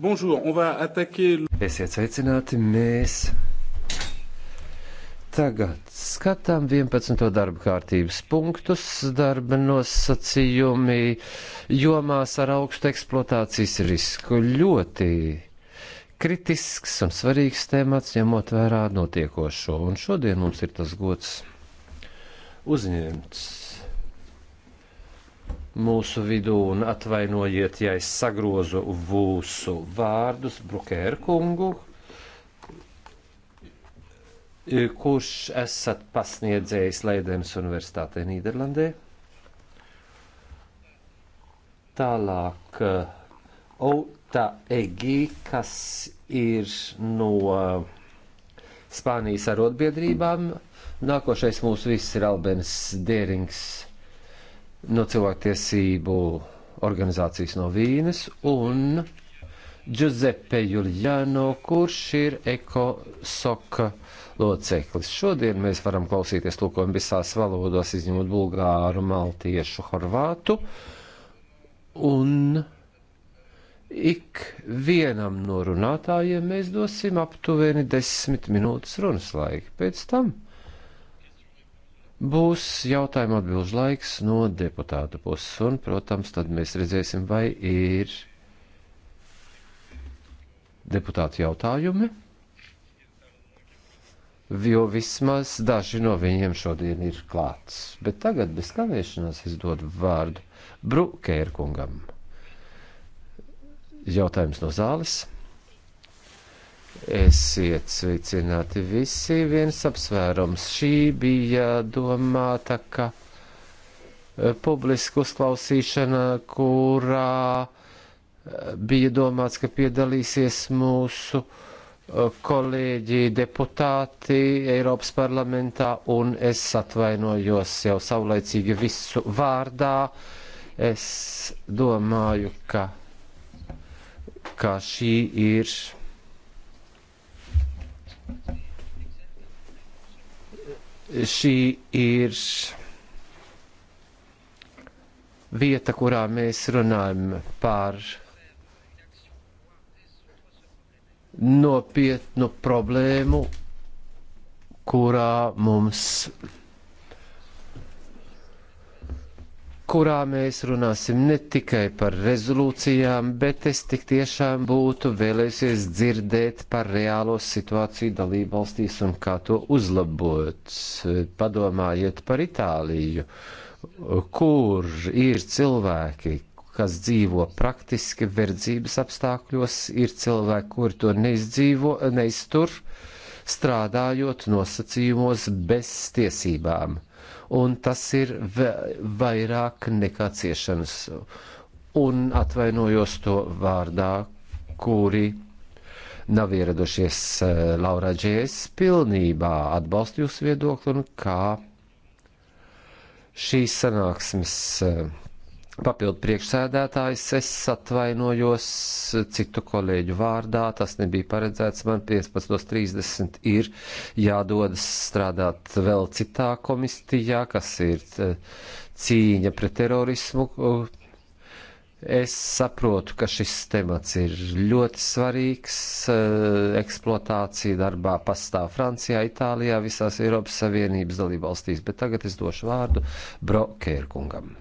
Bonjour, on va attaquer. Esiet sveicināti, mēs tagad skatām 11. darba kārtības punktus, darba nosacījumi jomās ar augstu eksploatācijas risku. Ļoti kritisks un svarīgs temats, ņemot vērā notiekošo. Un šodien mums ir tas gods uzņemts mūsu vidū, un atvainojiet, ja es sagrozu vūsu vārdus Brukērkungu, kurš esat pasniedzējis Leidens Universitātē Nīderlandē. Tālāk uh, Outa Egi, kas ir no uh, Spānijas arotbiedrībām. Nākošais mūsu viss ir Albens Dierings no cilvēktiesību organizācijas no Vīnes un Giuseppe Juliano, kurš ir ekosoka loceklis. Šodien mēs varam klausīties tulkojumu visās valodās, izņemot bulgāru, maltiešu, horvātu. Un ik vienam no runātājiem mēs dosim aptuveni desmit minūtes runas laiku. Pēc tam Būs jautājumu atbilžu laiks no deputātu puses, un, protams, tad mēs redzēsim, vai ir deputāti jautājumi, jo vismaz daži no viņiem šodien ir klāts. Bet tagad bez kavēšanās es dodu vārdu Brukērkungam. Jautājums no zāles. Esiet sveicināti visi, viens apsvērums. Šī bija domāta, ka eh, publiska uzklausīšana, kurā eh, bija domāts, ka piedalīsies mūsu eh, kolēģi deputāti Eiropas parlamentā, un es atvainojos jau savlaicīgi visu vārdā. Es domāju, ka, ka šī ir Šī ir vieta, kurā mēs runājam par nopietnu problēmu, kurā mums kurā mēs runāsim ne tikai par rezolūcijām, bet es tik tiešām būtu vēlēsies dzirdēt par reālo situāciju dalību valstīs un kā to uzlabot. Padomājiet par Itāliju, kur ir cilvēki, kas dzīvo praktiski verdzības apstākļos, ir cilvēki, kuri to neizdzīvo, neiztur, strādājot nosacījumos bez tiesībām un tas ir vairāk nekā ciešanas. Un atvainojos to vārdā, kuri nav ieradušies eh, Laura Džēs pilnībā atbalstu jūsu viedokli un kā šīs sanāksmes eh, Papildu priekšsēdētājs, es atvainojos citu kolēģu vārdā, tas nebija paredzēts, man 15.30 ir jādodas strādāt vēl citā komistijā, kas ir e, cīņa pret terorismu. Es saprotu, ka šis temats ir ļoti svarīgs, e, eksploatācija darbā pastāv Francijā, Itālijā, visās Eiropas Savienības dalībvalstīs, bet tagad es došu vārdu Brokērkungam.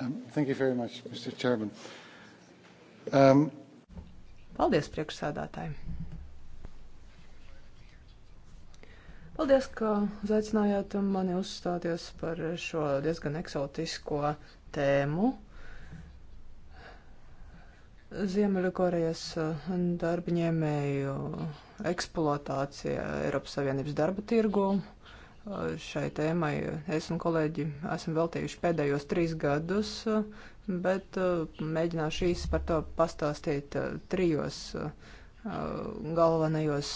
Um, thank you very much, Mr. Chairman. Um, Paldies, priekšsēdātāji. Paldies, ka uzaicinājāt mani uzstāties par šo diezgan eksotisko tēmu. Ziemeļkorejas darba ņēmēju eksploatācija Eiropas Savienības darba tirgumu šai tēmai es un kolēģi esam veltījuši pēdējos trīs gadus, bet uh, mēģināšu īsi par to pastāstīt uh, trijos uh, galvenajos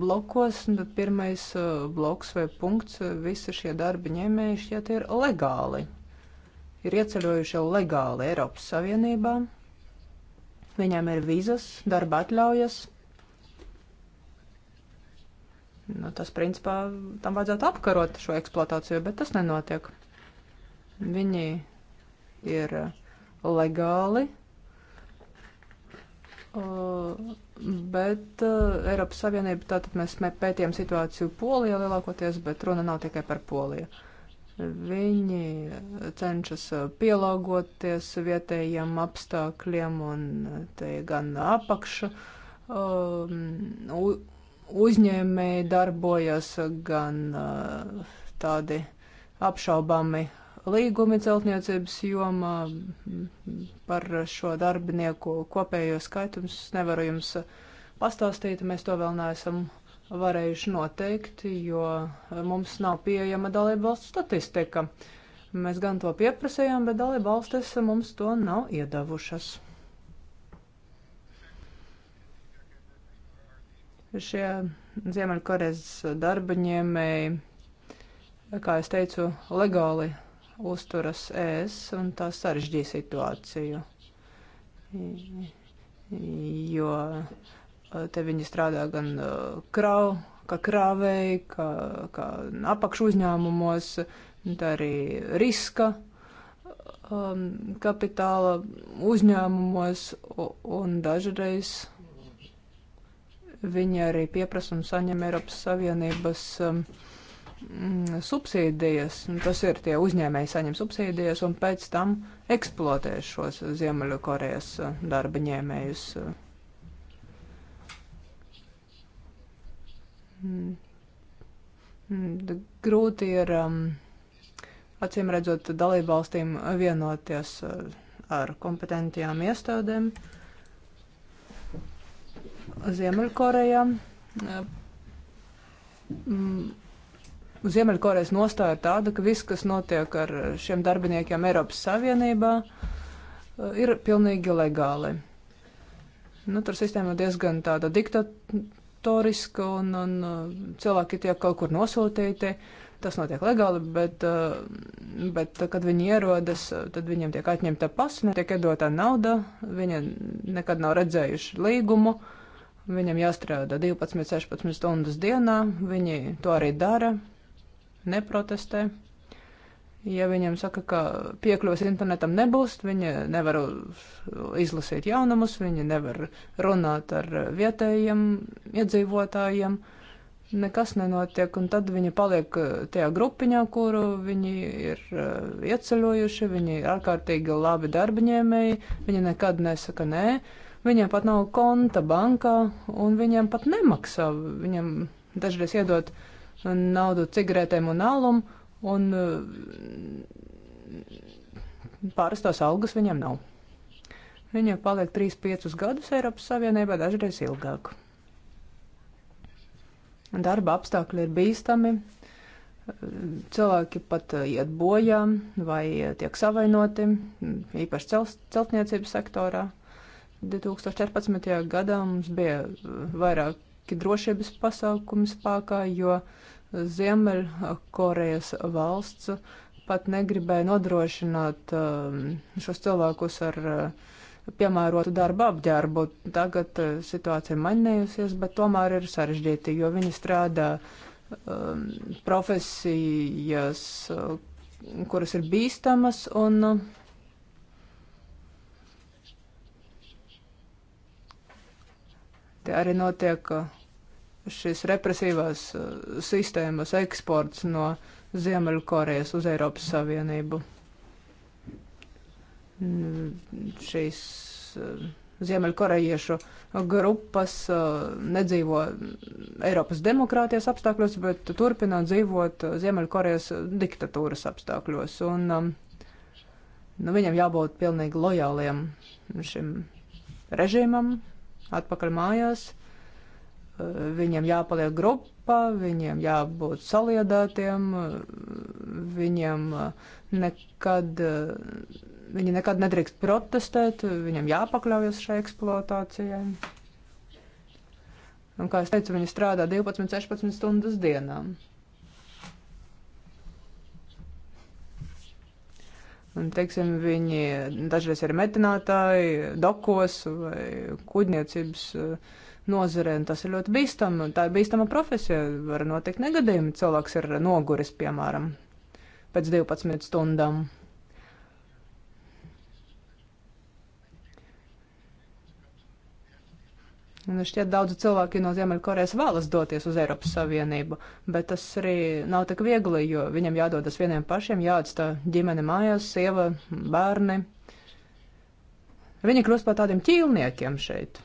blokos. Nu, pirmais bloks vai punkts - visi šie darba ņēmēji šķiet ir legāli. Ir ieceļojuši legāli Eiropas Savienībā. Viņām ir vīzas, darba atļaujas, Nu, tas, principā, tam vajadzētu apkarot šo eksploatāciju, bet tas nenotiek. Viņi ir uh, legāli, uh, bet uh, Eiropas Savienība, tātad mēs pētījām situāciju Polijā lielākoties, bet runa nav tikai par Poliju. Viņi cenšas pielāgoties vietējiem apstākļiem un te gan apakša um, uzņēmēji darbojas, gan uh, tādi apšaubāmi līgumi celtniecības jomā par šo darbinieku kopējo skaitums nevaru jums pastāstīt, mēs to vēl neesam varējuši noteikt, jo mums nav pieejama dalība valsts statistika. Mēs gan to pieprasījām, bet dalība valstis mums to nav iedavušas. Šie Ziemeļkorejas darba ņēmēji, kā es teicu, legāli uzturas ēs, un tas sarežģīja situāciju. Jo eh, te viņi strādā gan eh, krau, kā krāvēji, kā, kā apakšu uzņēmumos, tā arī riska um, kapitāla uzņēmumos, un dažreiz Viņi arī pieprasa un saņem Eiropas Savienības um, mm, subsīdijas. Nu, tas ir tie uzņēmēji saņem subsīdijas un pēc tam eksploatē šos Ziemeļkorejas uh, darba ņēmējus. Mm. Mm, grūti ir, um, acīm redzot, dalībvalstīm vienoties uh, ar kompetentajām iestādēm. Uh, Ziemeļkoreja. Mm, Ziemeļkorejas nostāja ir tāda, ka viss, kas notiek ar šiem darbiniekiem Eiropas Savienībā, eh, ir pilnīgi legāli. Nu, tur sistēma ir diezgan tāda diktatoriska, un, un eh, cilvēki tiek kaut kur nosūtīti. Tas notiek legāli, bet, eh, bet kad viņi ierodas, tad viņiem tiek atņemta pasa, netiek iedotā nauda, viņi nekad nav redzējuši līgumu. Uh, Viņam jāstrādā 12-16 stundas dienā, viņi to arī dara, neprotestē. Ja viņam saka, ka piekļuves internetam nebūs, viņi nevar izlasīt jaunumus, viņi nevar runāt ar vietējiem iedzīvotājiem, nekas nenotiek, un tad viņi paliek uh, tajā grupiņā, kuru viņi ir uh, ieceļojuši, viņi ir ārkārtīgi labi darbaņēmēji, viņi nekad nesaka nē. Ne Viņiem pat nav konta bankā, un viņiem pat nemaksā. Viņiem dažreiz iedod naudu cigaretēm un alum, un mm, pārastās algas viņiem nav. Viņiem paliek 3-5 gadus Eiropas Savienībā, dažreiz ilgāk. Darba apstākļi ir bīstami, cilvēki pat iet bojā vai tiek savainoti, īpaši celt, celtniecības sektorā. Uh, 2014. gadā mums bija eh, vairāki drošības pasākumi spēkā, jo Ziemeļkorejas valsts pat negribēja nodrošināt eh, šos cilvēkus ar eh, piemērotu darba apģērbu. Tagad situācija mainījusies, bet tomēr ir sarežģīti, jo viņi strādā profesijas, kuras ir bīstamas un Te arī notiek šis represīvās uh, sistēmas eksports no Ziemeļkorejas uz Eiropas Savienību. Mm, šīs uh, Ziemeļkorejiešu grupas uh, nedzīvo Eiropas demokrātijas apstākļos, bet turpina dzīvot Ziemeļkorejas diktatūras apstākļos. Un, um, nu, viņam jābūt pilnīgi lojāliem šim režīmam, atpakaļ mājās. Viņiem jāpaliek grupā, viņiem jābūt saliedētiem, viņiem nekad, viņi nekad nedrīkst protestēt, viņiem jāpakļaujas šai eksploatācijai. Un, kā es teicu, viņi strādā 12-16 stundas dienām. Un, teiksim, viņi dažreiz ir metinātāji, dokos vai kuģniecības eh, nozarē, un tas ir ļoti bīstami. Tā ir bīstama profesija, var notikt negadījumi. Cilvēks ir noguris, piemēram, pēc 12 stundām. Un nu, šķiet, daudzi cilvēki no Ziemeļkorejas vēlas doties uz Eiropas Savienību, bet tas arī nav tik viegli, jo viņam jādodas vieniem pašiem, jāatstāj ģimene mājās, sieva, bērni. Viņi kļūst par tādiem ķīlniekiem šeit.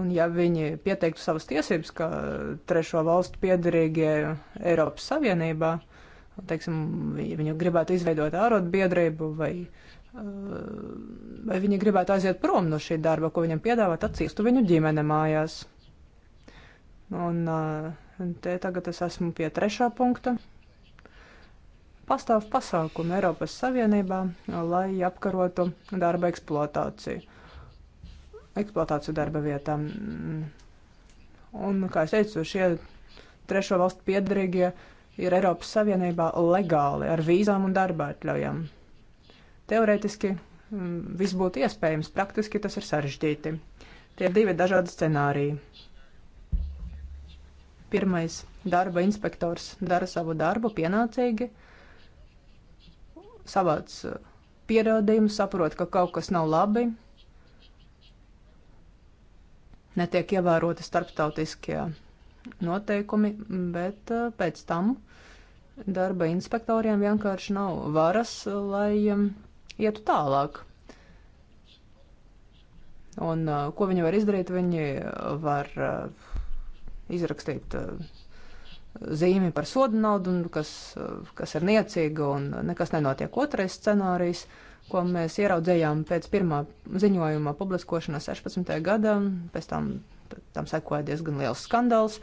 Un ja viņi pieteiktu savas tiesības, ka trešo valstu piedarīgie Eiropas Savienībā, teiksim, viņi gribētu izveidot ārotbiedrību vai uh, vai viņi gribētu aiziet prom no šī darba, ko viņam piedāvāt, atcīstu viņu ģimene mājās. Uh, un te tagad es esmu pie trešā punkta. Pastāv pasākumi Eiropas Savienībā, lai apkarotu darba eksploatāciju. Eksploatāciju darba vietā. Un, kā es teicu, šie trešo valstu piedarīgie ir Eiropas Savienībā legāli ar vīzām un darba atļaujām. Teorētiski mm, viss būtu iespējams, praktiski tas ir sarežģīti. Tie ir divi dažādi scenāriji. Pirmais - darba inspektors dara savu darbu pienācīgi, savāc eh, pierādījumus, saprot, ka kaut kas nav labi, netiek ievēroti starptautiskie noteikumi, bet eh, pēc tam darba inspektoriem vienkārši nav varas, lai eh, ietu tālāk. Un uh, ko viņi var izdarīt? Viņi uh, var uh, izrakstīt uh, zīmi par sodu naudu, kas, uh, kas ir niecīga un nekas nenotiek. Otrais scenārijs, ko mēs ieraudzējām pēc pirmā ziņojuma publiskošanas 16. gadā, pēc tam, tam sekoja diezgan liels skandāls,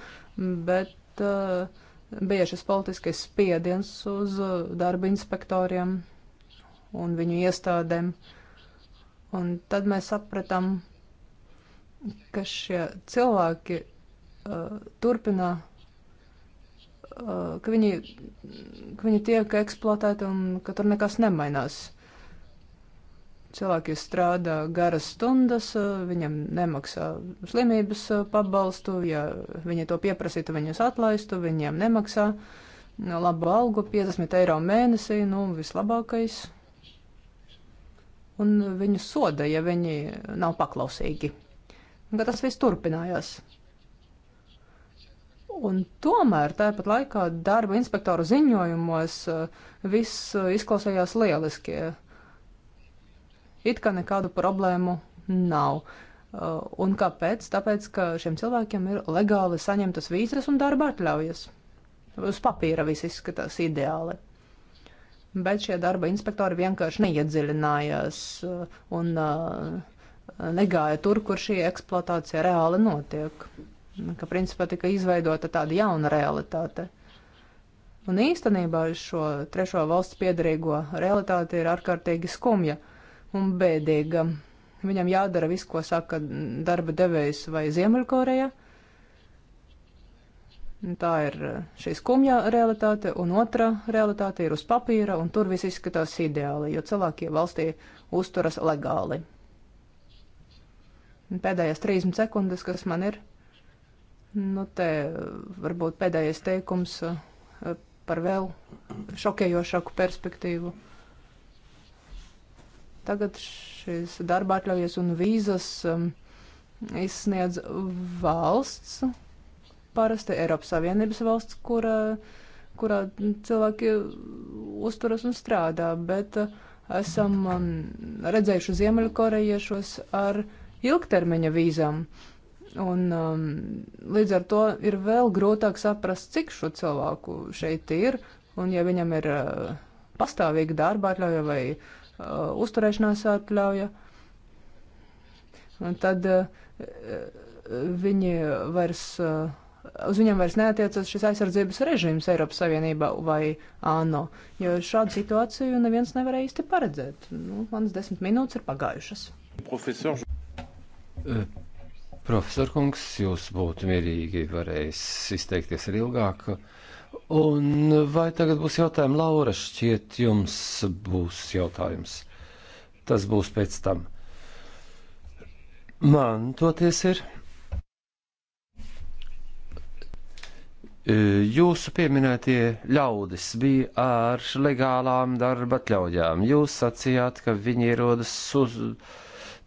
bet uh, bija šis politiskais spiediens uz uh, darba inspektoriem un viņu iestādēm. Un tad mēs sapratām, ka šie cilvēki uh, turpina, uh, ka, viņi, ka viņi tiek eksploatēti un ka tur nekas nemainās. Cilvēki strādā garas stundas, uh, viņam nemaksā slimības uh, pabalstu, ja viņi to pieprasītu, viņus atlaistu, viņiem nemaksā labu algu, 50 eiro mēnesī, nu, vislabākais un viņu soda, ja viņi nav paklausīgi. Un, tas viss turpinājās. Un tomēr tāpat laikā darba inspektoru ziņojumos uh, viss uh, izklausījās lieliski. It kā nekādu problēmu nav. Uh, un kāpēc? Tāpēc, ka šiem cilvēkiem ir legāli saņemtas vīzas un darba atļaujas. Uz papīra viss izskatās ideāli bet šie darba inspektori vienkārši neiedziļinājās uh, un uh, negāja tur, kur šī eksploatācija reāli notiek. Ka principā tika izveidota tāda jauna realitāte. Un īstenībā šo trešo valsts piedarīgo realitāte ir ārkārtīgi skumja un bēdīga. Viņam jādara viss, ko saka darba devējs vai Ziemeļkoreja. Uh, Tā ir eh, šī skumja realitāte, un otra realitāte ir uz papīra, un tur viss izskatās ideāli, jo cilvēki valstī uzturas legāli. Pēdējās 30 sekundes, kas man ir, nu te eh, varbūt pēdējais teikums eh, par vēl šokējošāku perspektīvu. Tagad šīs darba atļaujas un vīzas um, izsniedz valsts parasti Eiropas Savienības valsts, kurā, kurā cilvēki uzturas un strādā, bet eh, esam um, redzējuši ziemeļkorejiešos ar ilgtermiņa vīzām. Un um, līdz ar to ir vēl grūtāk saprast, cik šo cilvēku šeit ir, un ja viņam ir uh, pastāvīga darba atļauja vai uh, uzturēšanās atļauja, un tad uh, viņi vairs uh, uz viņiem vairs neatiecas šis aizsardzības režīms Eiropas Savienībā vai ANO, jo šādu situāciju neviens nevarēja īsti paredzēt. Nu, manas desmit minūtes ir pagājušas. Profesor, eh, Profesor kungs, jūs būtu mierīgi varējis izteikties arī ilgāk. Un vai tagad būs jautājumi Laura? Šķiet, jums būs jautājums. Tas būs pēc tam. Man toties ir. E, jūsu pieminētie ļaudis bija ar legālām darba atļaujām. Jūs sacījāt, ka viņi ierodas uz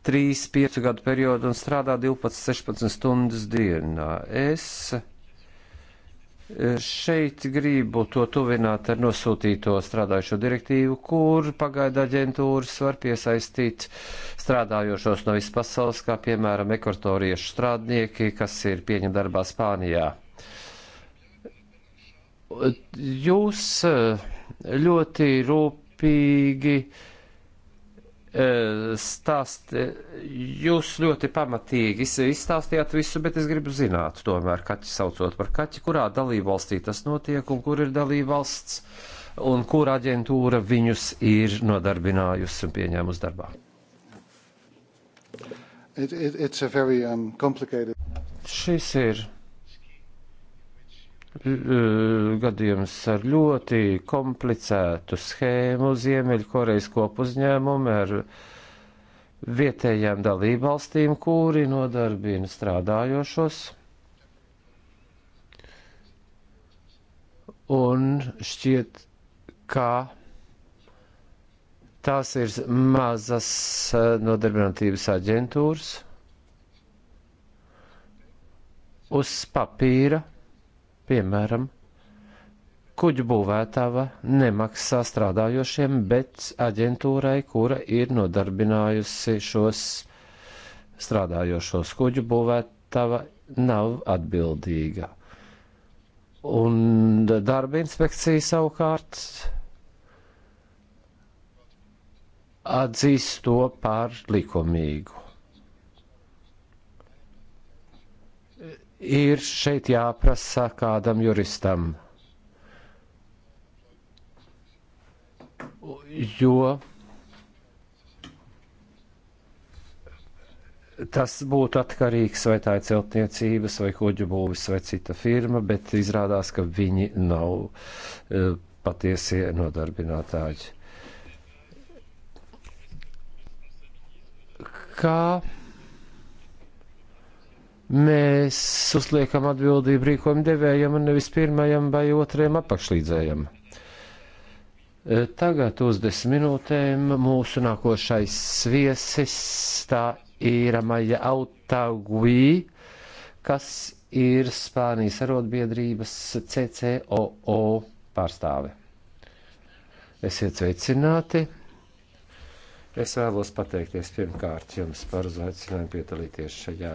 3-5 gadu periodu un strādā 12-16 stundas dienā. Es e, šeit gribu to tuvināt ar nosūtīto strādājušo direktīvu, kur pagaida aģentūras var piesaistīt strādājošos no visas pasaules, kā piemēram ekvatoriešu strādnieki, kas ir pieņemti darbā Spānijā. Jūs eh, ļoti rūpīgi eh, stāst, jūs ļoti pamatīgi izstāstījāt visu, bet es gribu zināt, tomēr, kaķi saucot par kaķi, kurā dalībvalstī tas notiek un kur ir dalībvalsts un kur aģentūra viņus ir nodarbinājusi un pieņēmusi darbā. It, it, very, um, Šis ir E, gadījums ar ļoti komplicētu schēmu Ziemeļkorejas kopuzņēmumu ar vietējām dalībvalstīm, kuri nodarbina strādājošos. Un šķiet, ka tās ir mazas e, nodarbinātības aģentūras uz papīra Piemēram, kuģu būvētava nemaksā strādājošiem, bet aģentūrai, kura ir nodarbinājusi šos strādājošos kuģu būvētava, nav atbildīga. Un darba inspekcija savukārt atzīst to par likumīgu. ir šeit jāprasa kādam juristam. Jo tas būtu atkarīgs vai tā ir celtniecības, vai koģu būvis, vai cita firma, bet izrādās, ka viņi nav uh, patiesie nodarbinātāji. Kā mēs uzliekam atbildību rīkojumu devējam un nevis pirmajam vai otrajam apakšlīdzējam. E, tagad uz desmit minūtēm mūsu nākošais viesis tā ir Maija Autagui, kas ir Spānijas arotbiedrības CCOO pārstāve. Esiet sveicināti! Es vēlos pateikties pirmkārt jums par uzaicinājumu piedalīties šajā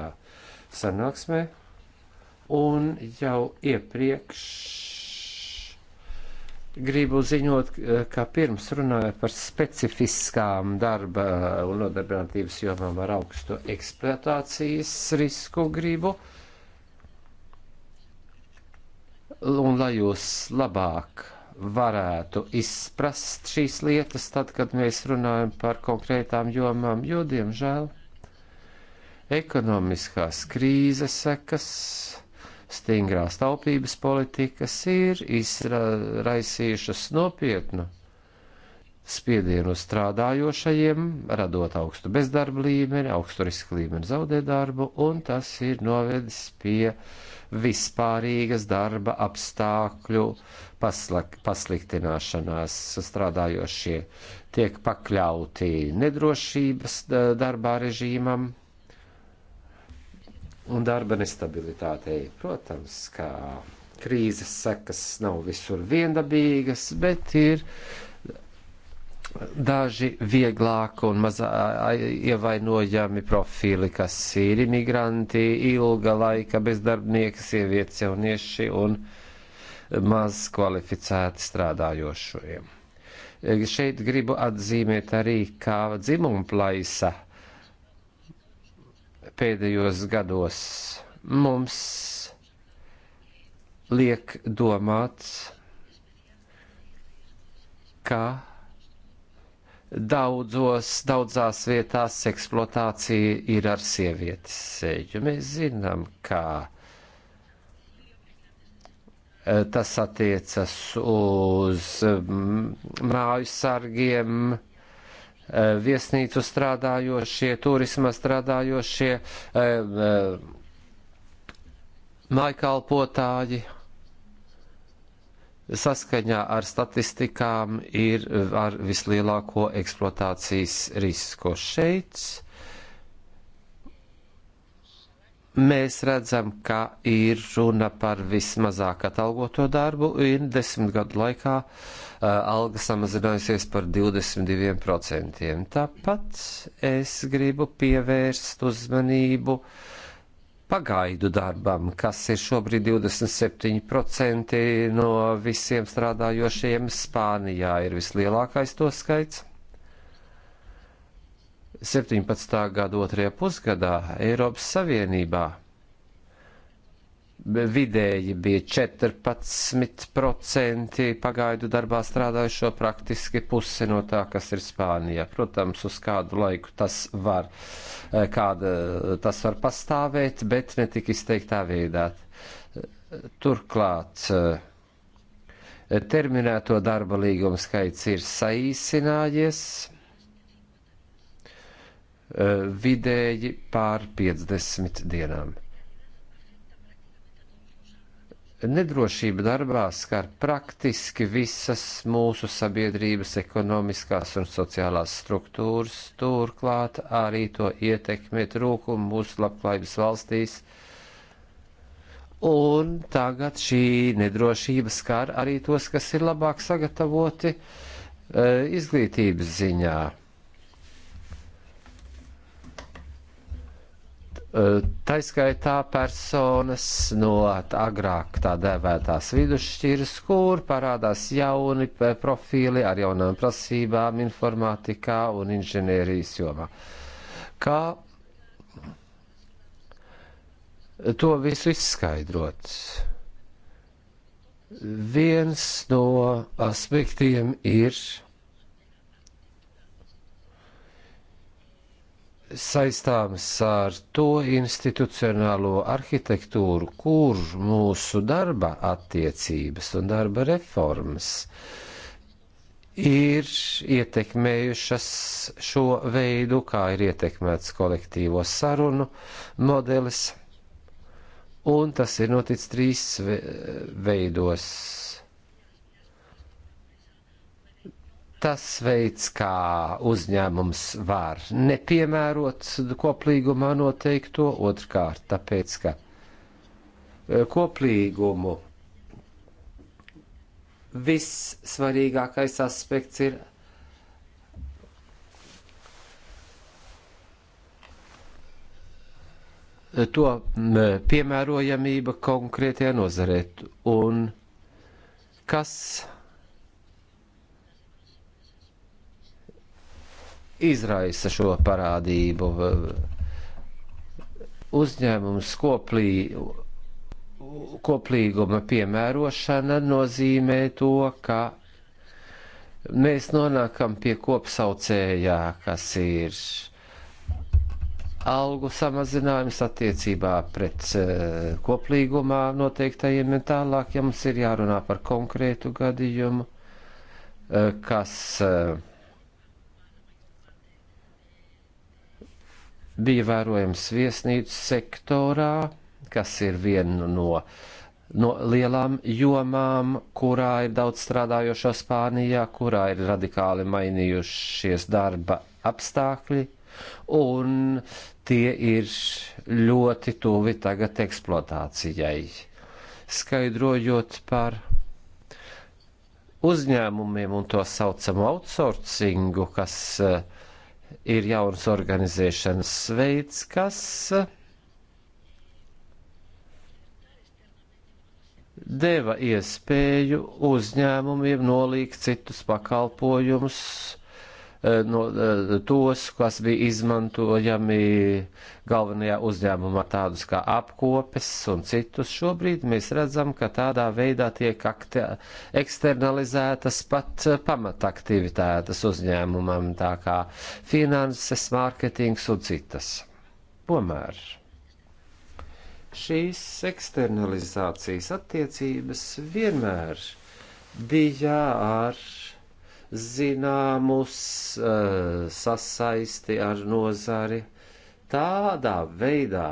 sanāksmē un jau iepriekš gribu ziņot, eh, ka pirms runāju par specifiskām darba un nodarbinātības jomām ar augstu eksploatācijas risku gribu. Un lai jūs labāk varētu izprast šīs lietas, tad, kad mēs runājam par konkrētām jomām, jo, diemžēl, Ekonomiskās krīzes sekas, stingrās taupības politikas ir izraisījušas nopietnu spiedienu strādājošajiem, radot augstu bezdarba līmeni, augstu risku līmeni zaudēt darbu, un tas ir novedis pie vispārīgas darba apstākļu paslak, pasliktināšanās. Strādājošie tiek pakļauti nedrošības darbā režīmam, un darba nestabilitātei. Protams, kā krīzes sekas nav visur viendabīgas, bet ir daži vieglāk un mazā ievainojami profili, kas ir imigranti, ilga laika bezdarbnieki, sievietes jaunieši un maz kvalificēti strādājošie. Šeit gribu atzīmēt arī, kā dzimuma plaisa pēdējos gados mums liek domāt, ka daudzos, daudzās vietās eksploatācija ir ar sievietes sēģu. Mēs zinām, ka eh, tas attiecas uz mm, māju sargiem, Eh, viesnīcu strādājošie, turisma strādājošie, eh, eh, mājkalpotāji saskaņā ar statistikām ir ar vislielāko eksploatācijas risku. Šeit mēs redzam, ka ir runa par vismazāk atalgoto darbu, ir desmit gadu laikā uh, alga samazinājusies par 22%. Tāpat es gribu pievērst uzmanību pagaidu darbam, kas ir šobrīd 27% no visiem strādājošiem Spānijā ir vislielākais to skaits 17. gada otrajā pusgadā Eiropas Savienībā vidēji bija 14% pagaidu darbā strādājušo, praktiski puse no tā, kas ir Spānijā. Protams, uz kādu laiku tas var, kāda, tas var pastāvēt, bet ne tik izteiktā veidā. Turklāt terminēto darba līgumu skaits ir saīsinājies Eh, vidēji pār 50 dienām. Nedrošība darbā skar praktiski visas mūsu sabiedrības ekonomiskās un sociālās struktūras, turklāt arī to ietekmē trūkumu mūsu labklājības valstīs. Un tagad šī nedrošība skar arī tos, kas ir labāk sagatavoti e, izglītības ziņā Taiskaitā personas no agrāk tā dēvētās vidusšķiras, kur parādās jauni profili ar jaunām prasībām informātikā un inženierijas jomā. Kā to visu izskaidrot? Viens no aspektiem ir saistāmas ar to institucionālo arhitektūru, kur mūsu darba attiecības un darba reformas ir ietekmējušas šo veidu, kā ir ietekmēts kolektīvo sarunu modelis, un tas ir noticis trīs veidos tas veids, kā uzņēmums var nepiemērot koplīgumā noteikto, otrkārt, tāpēc, ka e, koplīgumu vissvarīgākais aspekts ir to piemērojamība konkrētajā nozarē un kas izraisa šo parādību. Uzņēmums koplī, koplīguma piemērošana nozīmē to, ka mēs nonākam pie kopsaucējā, kas ir algu samazinājums attiecībā pret eh, koplīgumā noteiktajiem un tālāk, ja mums ir jārunā par konkrētu gadījumu, eh, kas uh, bija vērojams viesnīcu sektorā, kas ir viena no, no lielām jomām, kurā ir daudz strādājošo Spānijā, kurā ir radikāli mainījušies darba apstākļi, un tie ir ļoti tuvi tagad eksploatācijai. Skaidrojot par uzņēmumiem un to saucamu outsourcingu, kas uh, ir jauns organizēšanas veids, kas deva iespēju uzņēmumiem nolīgt citus pakalpojumus Eh, no eh, tos, kas bija izmantojami galvenajā uzņēmumā, tādus kā apkopes un citus. Šobrīd mēs redzam, ka tādā veidā tiek eksternalizētas pat eh, pamataktivitātes uzņēmumam, tā kā finanses, mārketings un citas. Tomēr šīs eksternalizācijas attiecības vienmēr bija ar zināmus uh, sasaisti ar nozari tādā veidā,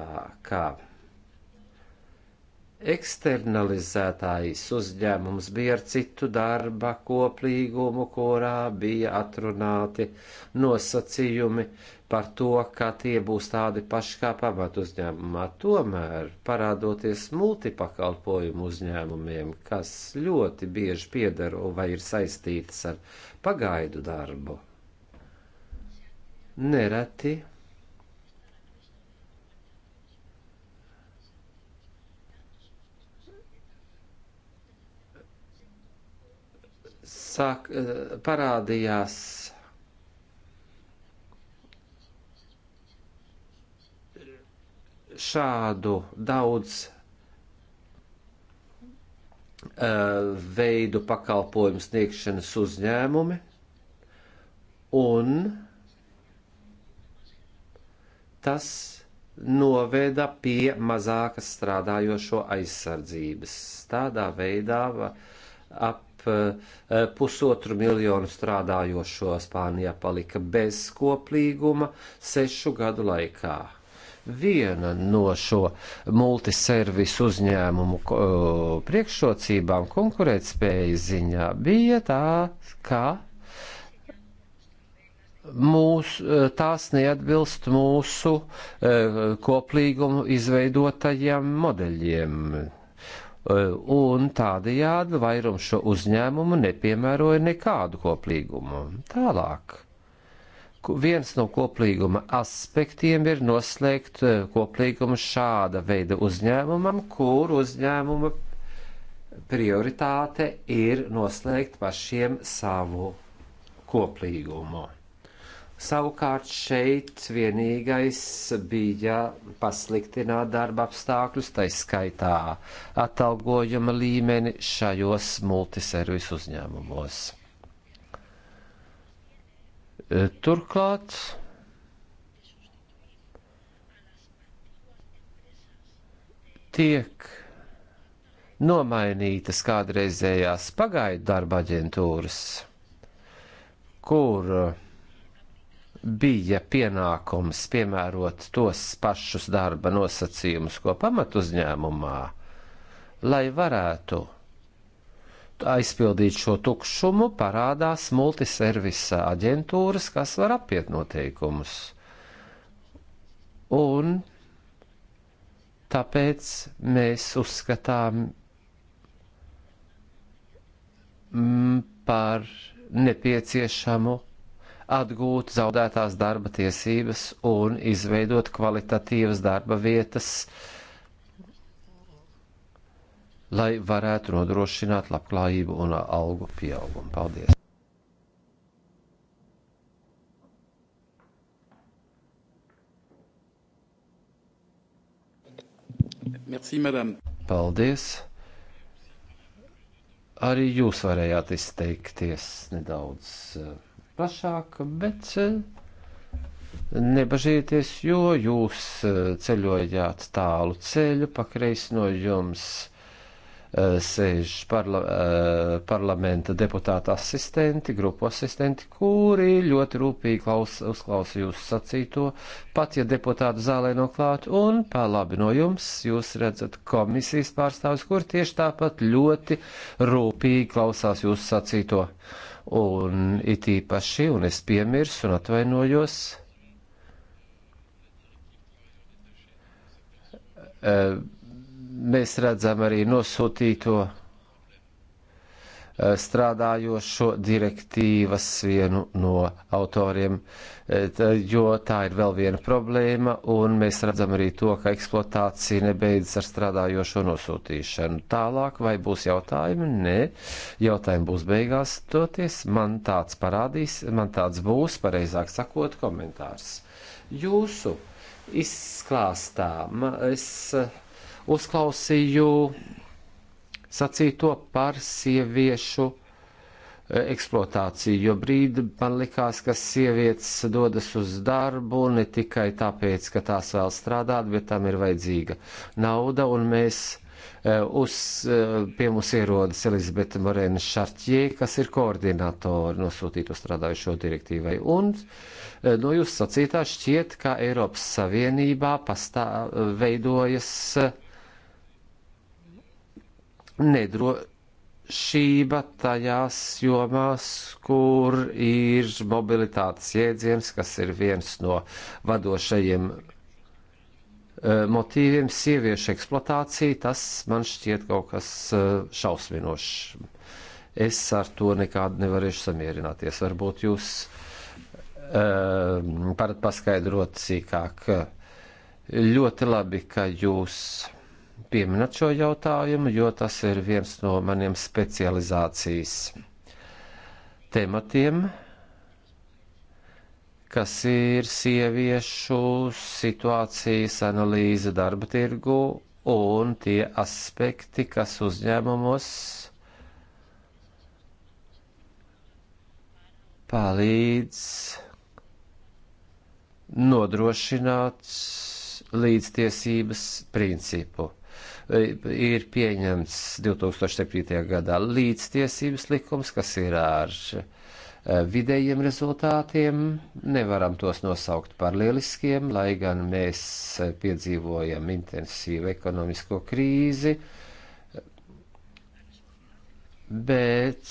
ka eksternalizētājs uzņēmums bija ar citu darba koplīgumu, kurā bija atrunāti nosacījumi par to, ka tie būs tādi paši kā pamat uzņēmumā. Tomēr parādoties multipakalpojumu uzņēmumiem, kas ļoti bieži piedara vai ir saistītas ar pagaidu darbu, nereti sāk, eh, parādījās šādu daudz uh, veidu pakalpojumu sniegšanas uzņēmumi un tas noveda pie mazākas strādājošo aizsardzības. Tādā veidā ap eh, pusotru miljonu strādājošo Spānijā palika bez koplīguma sešu gadu laikā viena no šo multiservisu uzņēmumu uh, priekšrocībām konkurētspējas ziņā bija tā, ka mūs, uh, tās neatbilst mūsu uh, koplīgumu izveidotajiem modeļiem. Un tādējādi vairums šo uzņēmumu nepiemēroja nekādu koplīgumu. Tālāk Viens no koplīguma aspektiem ir noslēgt eh, koplīgumu šāda veida uzņēmumam, kur uzņēmuma prioritāte ir noslēgt pašiem savu koplīgumu. Savukārt šeit vienīgais bija pasliktināt darba apstākļus, tai skaitā atalgojuma līmeni šajos multiservisu uzņēmumos. Turklāt tiek nomainītas kādreizējās pagaidu darba aģentūras, kur eh, bija pienākums piemērot tos pašus darba nosacījumus, ko pamatuzņēmumā, lai varētu aizpildīt šo tukšumu, parādās multiservisa aģentūras, kas var apiet noteikumus. Un tāpēc mēs uzskatām mm, par nepieciešamu atgūt zaudētās darba tiesības un izveidot kvalitatīvas darba vietas uh, lai varētu nodrošināt labklājību un algu pieaugumu. Paldies! Merci, madame. Paldies! Arī jūs varējāt izteikties nedaudz eh, plašāk, bet eh, nebažieties, jo jūs eh, ceļojāt tālu ceļu, pakreis no jums Eh, sēž parla, eh, parlamenta deputāta asistenti, grupu asistenti, kuri ļoti rūpīgi klaus, uzklausa jūsu sacīto, pat ja deputātu zālē noklāt, un pa labi no jums jūs redzat komisijas pārstāvis, kur tieši tāpat ļoti rūpīgi klausās jūsu sacīto. Un it īpaši, un es piemirsu un atvainojos. Uh, Mēs redzam arī nosūtīto eh, strādājošo direktīvas vienu no autoriem, eh, jo tā ir vēl viena problēma, un mēs redzam arī to, ka eksploatācija nebeidzas ar strādājošo nosūtīšanu. Tālāk vai būs jautājumi? Nē, jautājumi būs beigās, toties man tāds parādīs, man tāds būs, pareizāk sakot, komentārs. Jūsu izklāstā es eh, uzklausīju sacīto par sieviešu e, eksploatāciju, jo brīdi man likās, ka sievietes dodas uz darbu ne tikai tāpēc, ka tās vēl strādāt, bet tam ir vajadzīga nauda, un mēs e, uz, e, pie mums ierodas Elizabete Morēna Šarķie, kas ir koordinātori nosūtīto strādājušo direktīvai, un no jūs sacītā šķiet, ka Eiropas Savienībā pastā veidojas nedrošība tajās jomās, kur ir mobilitātes jēdziens, kas ir viens no vadošajiem eh, motīviem sieviešu eksploatācija, tas man šķiet kaut kas eh, šausminošs. Es ar to nekādu nevarēšu samierināties. Varbūt jūs uh, varat paskaidrot sīkāk. Ļoti labi, ka jūs uh, pieminat šo jautājumu, jo tas ir viens no maniem specializācijas tematiem, kas ir sieviešu situācijas analīze darba tirgu un tie aspekti, kas uzņēmumos palīdz nodrošināt līdztiesības principu ir pieņemts 2007. gadā līdztiesības likums, kas ir ar eh, vidējiem rezultātiem. Nevaram tos nosaukt par lieliskiem, lai gan mēs piedzīvojam intensīvu ekonomisko krīzi. Bet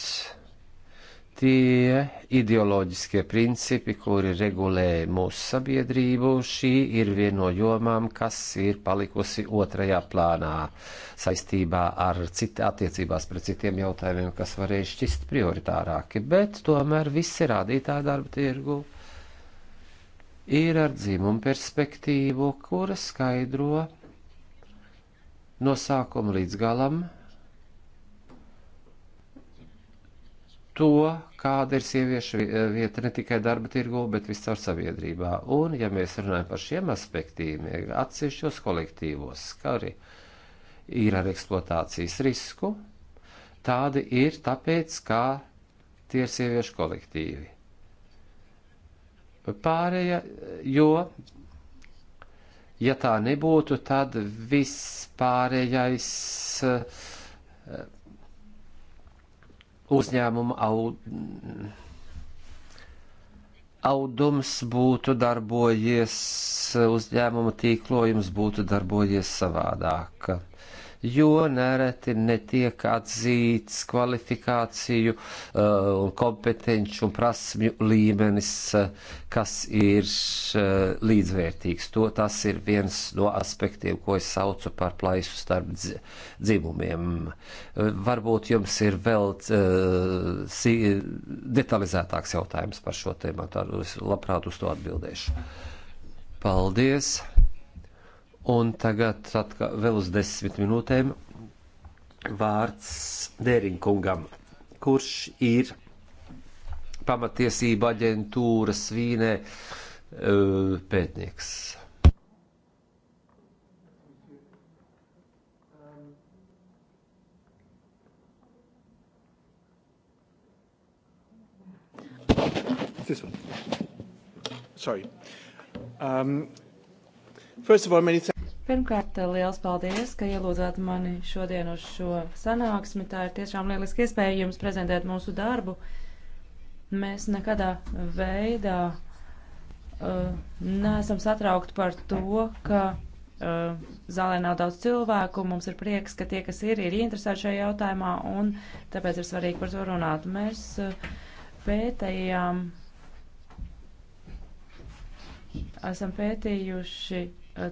tie ideoloģiskie principi, kuri regulē mūsu sabiedrību, šī ir viena no jomām, kas ir palikusi otrajā plānā saistībā ar cita, attiecībās pret citiem jautājumiem, kas varēja šķist prioritārāki, bet tomēr visi rādītāji darba tirgu ir ar dzimumu perspektīvu, kura skaidro no sākuma līdz galam to, kāda ir sieviešu eh, vieta ne tikai darba tirgū, bet viscaur sabiedrībā. Un, ja mēs runājam par šiem aspektiem, atsevišķos kolektīvos, kā arī ir ar eksploatācijas risku, tādi ir tāpēc, kā tie ir sieviešu kolektīvi. Pārēja, jo, ja tā nebūtu, tad viss pārējais eh, uzņēmuma aud audums būtu darbojies, uzņēmuma tīklojums būtu darbojies savādāk jo nereti netiek atzīts kvalifikāciju uh, un kompetenci un prasmju līmenis, uh, kas ir uh, līdzvērtīgs. To tas ir viens no aspektiem, ko es saucu par plaisu starp dzimumiem. Varbūt jums ir vēl detalizētāks jautājums par šo tēmu, tad es labprāt uz to atbildēšu. Paldies! Un tagad atkal vēl uz desmit minūtēm vārds Dēriņkungam, kurš ir pamatiesība aģentūras vīnē eh, pētnieks. This one. Sorry. Um, first of all, many thanks. Pirmkārt, liels paldies, ka ielūdzāt mani šodien uz šo sanāksmi. Tā ir tiešām lieliski iespēja jums prezentēt mūsu darbu. Mēs nekadā veidā uh, neesam satraukti par to, ka uh, zālē nav daudz cilvēku. Mums ir prieks, ka tie, kas ir, ir interesēti šajā jautājumā, un tāpēc ir svarīgi par to runāt. Mēs uh, pētējām, esam pētījuši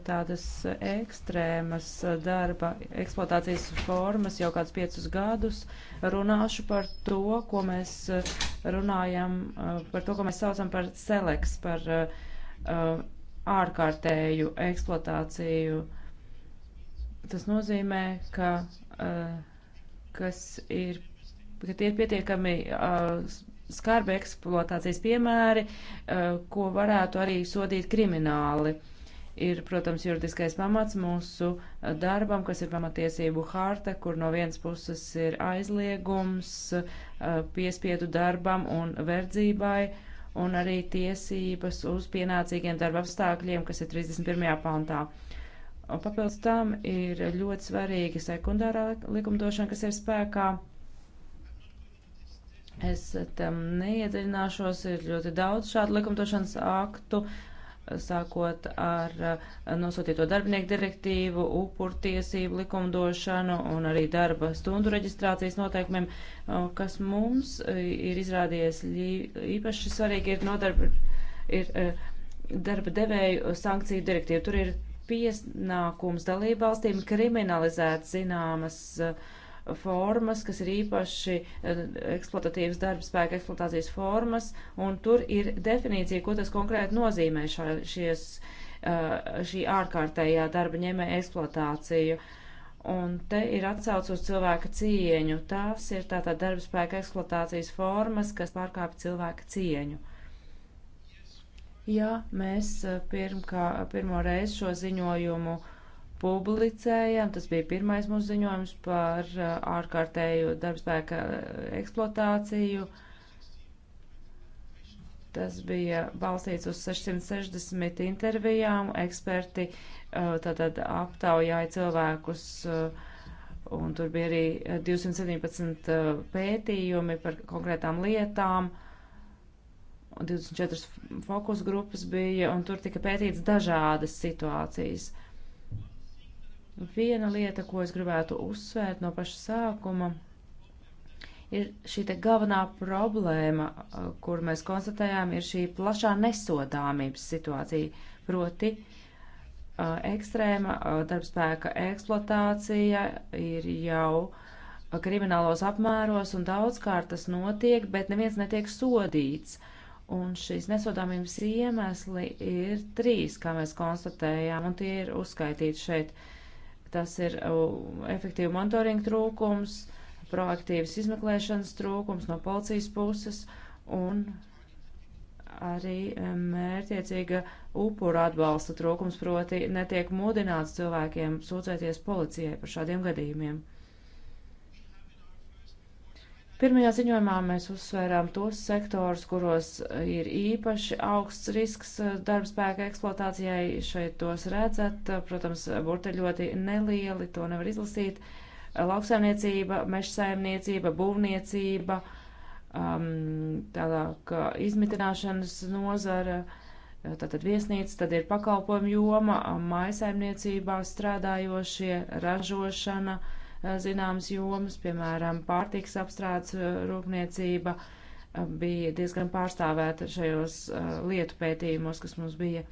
tādas ekstrēmas darba eksploatācijas formas jau kādus piecus gadus. Runāšu par to, ko mēs eh, runājam, eh, par to, ko mēs saucam par seleks, par uh, ārkārtēju eksploatāciju. Tas nozīmē, ka, uh, kas ir, ka tie ir pietiekami uh, skarbi eksploatācijas piemēri, ko varētu arī sodīt krimināli. Uh, ir, protams, juridiskais pamats mūsu eh, darbam, kas ir pamatiesību harta, kur no vienas puses ir aizliegums eh, piespiedu darbam un verdzībai, un arī tiesības uz pienācīgiem darba apstākļiem, kas ir 31. pantā. Un papildus tam ir ļoti svarīga sekundārā likumdošana, kas ir spēkā. Es tam neiedziļināšos, ir ļoti daudz šādu likumdošanas aktu, uh, sākot ar eh, nosūtīto darbinieku direktīvu, upurtiesību likumdošanu un arī darba stundu reģistrācijas noteikumiem, eh, kas mums eh, ir izrādījies īpaši svarīgi, ir, nodarba, ir darba devēju sankciju direktīva. Tur ir piesnākums dalībvalstīm kriminalizēt zināmas uh, formas, kas ir īpaši eh, eksploatatīvas darba spēka eksploatācijas formas, un tur ir definīcija, ko tas konkrēti nozīmē šā, šies, eh, šī ārkārtējā darba ņēmē eksploatāciju. Un te ir atsauc uz cilvēka cieņu. Tās ir tātad darba spēka eksploatācijas formas, kas pārkāpj cilvēka cieņu. Jā, mēs eh, pirmkā, pirmo reizi šo ziņojumu uh, publicējām. Tas bija pirmais mūsu ziņojums par uh, ārkārtēju darbspēka eksploatāciju. Tas bija balstīts uz 660 intervijām. Eksperti uh, tātad aptaujāja cilvēkus, uh, un tur bija arī 217 pētījumi par konkrētām lietām. 24 fokus grupas bija, un tur tika pētīts dažādas situācijas. Uh, Viena lieta, ko es gribētu uzsvērt no paša sākuma, ir šī te galvenā problēma, uh, kur mēs konstatējām, ir šī plašā nesodāmības situācija, proti uh, ekstrēma uh, darbspēka eksploatācija ir jau uh, kriminālos apmēros un daudzkārt tas notiek, bet neviens netiek sodīts. Un šīs nesodāmības iemesli ir trīs, kā mēs konstatējām, un tie ir uzskaitīti šeit. Uh, Tas ir efektīva monitoringa trūkums, proaktīvas izmeklēšanas trūkums no policijas puses un arī e, mērķiecīga upura atbalsta trūkums, proti netiek mudināts cilvēkiem sūdzēties policijai par šādiem gadījumiem. Pirmajā ziņojumā mēs uzsvērām tos sektorus, kuros ir īpaši augsts risks eh, darbspēka eksploatācijai. Šeit tos redzat, protams, burti ļoti nelieli, to nevar izlasīt. Lauksaimniecība, mežsaimniecība, būvniecība, um, tālāk eh, izmitināšanas nozara, eh, tātad viesnīca, tad ir pakalpojumu joma, maisaimniecībā strādājošie, ražošana. Uh, Eh, zināmas jomas, piemēram, pārtiks apstrādes eh, rūpniecība eh, bija diezgan pārstāvēta šajos lietu pētījumos, kas mums bija.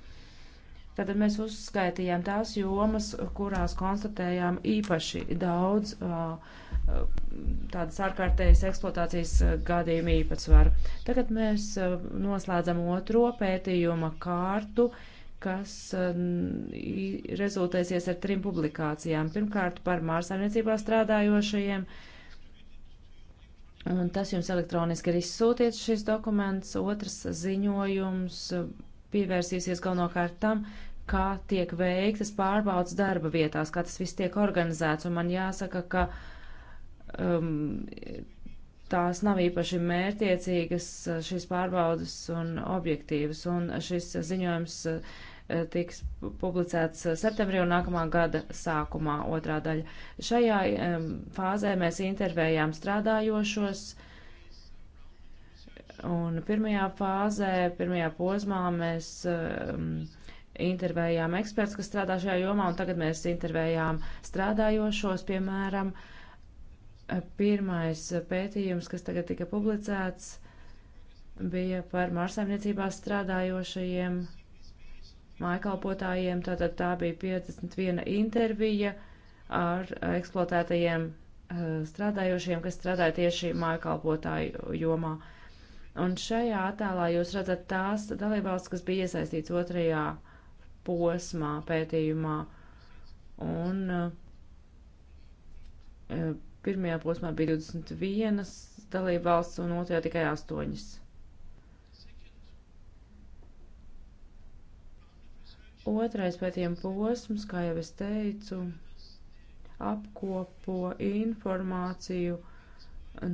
Tātad mēs uzskaitījām tās jomas, kurās konstatējām īpaši daudz tādas ārkārtējas eksploatācijas gadījumu īpatsvaru. Tagad mēs noslēdzam otro pētījuma kārtu. Uh, kas rezultēsies ar trim publikācijām. Pirmkārt, par mārsaimniecībā strādājošajiem. Un tas jums elektroniski ir izsūtīts šis dokuments. Otrs ziņojums pievērsīsies galvenokārt tam, kā tiek veiktas pārbaudas darba vietās, kā tas viss tiek organizēts. Un man jāsaka, ka um, tās nav īpaši mērtiecīgas šīs pārbaudas un objektīvas. Un šis ziņojums uh, Eh, tiks publicēts eh, septembrī un nākamā gada sākumā otrā daļa. Šajā fāzē mēs intervējām strādājošos. Un pirmajā fāzē, pirmajā posmā mēs um, intervējām eksperts, kas strādā šajā jomā, un tagad mēs intervējām strādājošos, piemēram, eh, pirmais pētījums, kas tagad tika publicēts, bija par mārsaimniecībā strādājošajiem mājkalpotājiem. Tātad tā bija 51 intervija ar eksploatētajiem eh, strādājošiem, kas strādāja tieši mājkalpotāju jomā. Un šajā attēlā jūs redzat tās dalībvalsts, kas bija iesaistīts otrajā posmā pētījumā. Un eh, eh, pirmajā posmā bija 21 dalībvalsts un otrajā tikai 8. Otrais pētījuma posms, kā jau es teicu, apkopo informāciju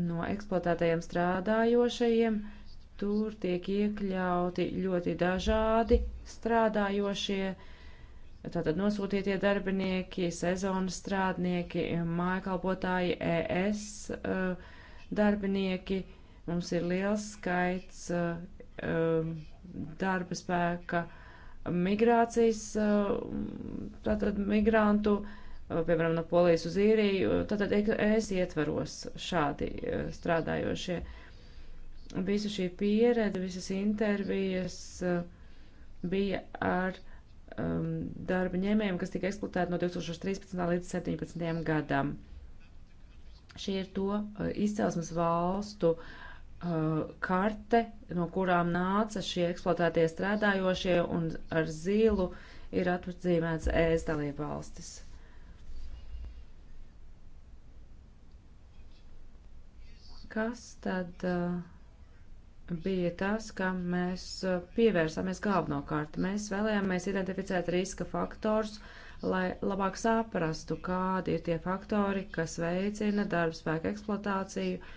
no eksploatētajiem strādājošajiem. Tur tiek iekļauti ļoti dažādi strādājošie, tātad nosūtītie darbinieki, sezonas strādnieki, mājkalpotāji, ES eh, darbinieki. Mums ir liels skaits eh, darba spēka uh, migrācijas, tātad migrantu, piemēram, no Polijas uz īriju, tātad es ietveros šādi strādājošie. Visa šī pieredze, visas intervijas bija ar um, darba ņēmējiem, kas tika eksploatēti no 2013. līdz 2017. gadam. Šie ir to izcelsmes valstu uh, Uh, karte, no kurām nāca šie eksploatētie strādājošie un ar zīlu ir atzīmēts ēst dalība valstis. Kas tad uh, bija tas, kam mēs uh, pievērsāmies galvenokārt? Mēs vēlējāmies identificēt riska faktors, lai labāk saprastu, kādi ir tie faktori, kas veicina darbspēka eksploatāciju uh,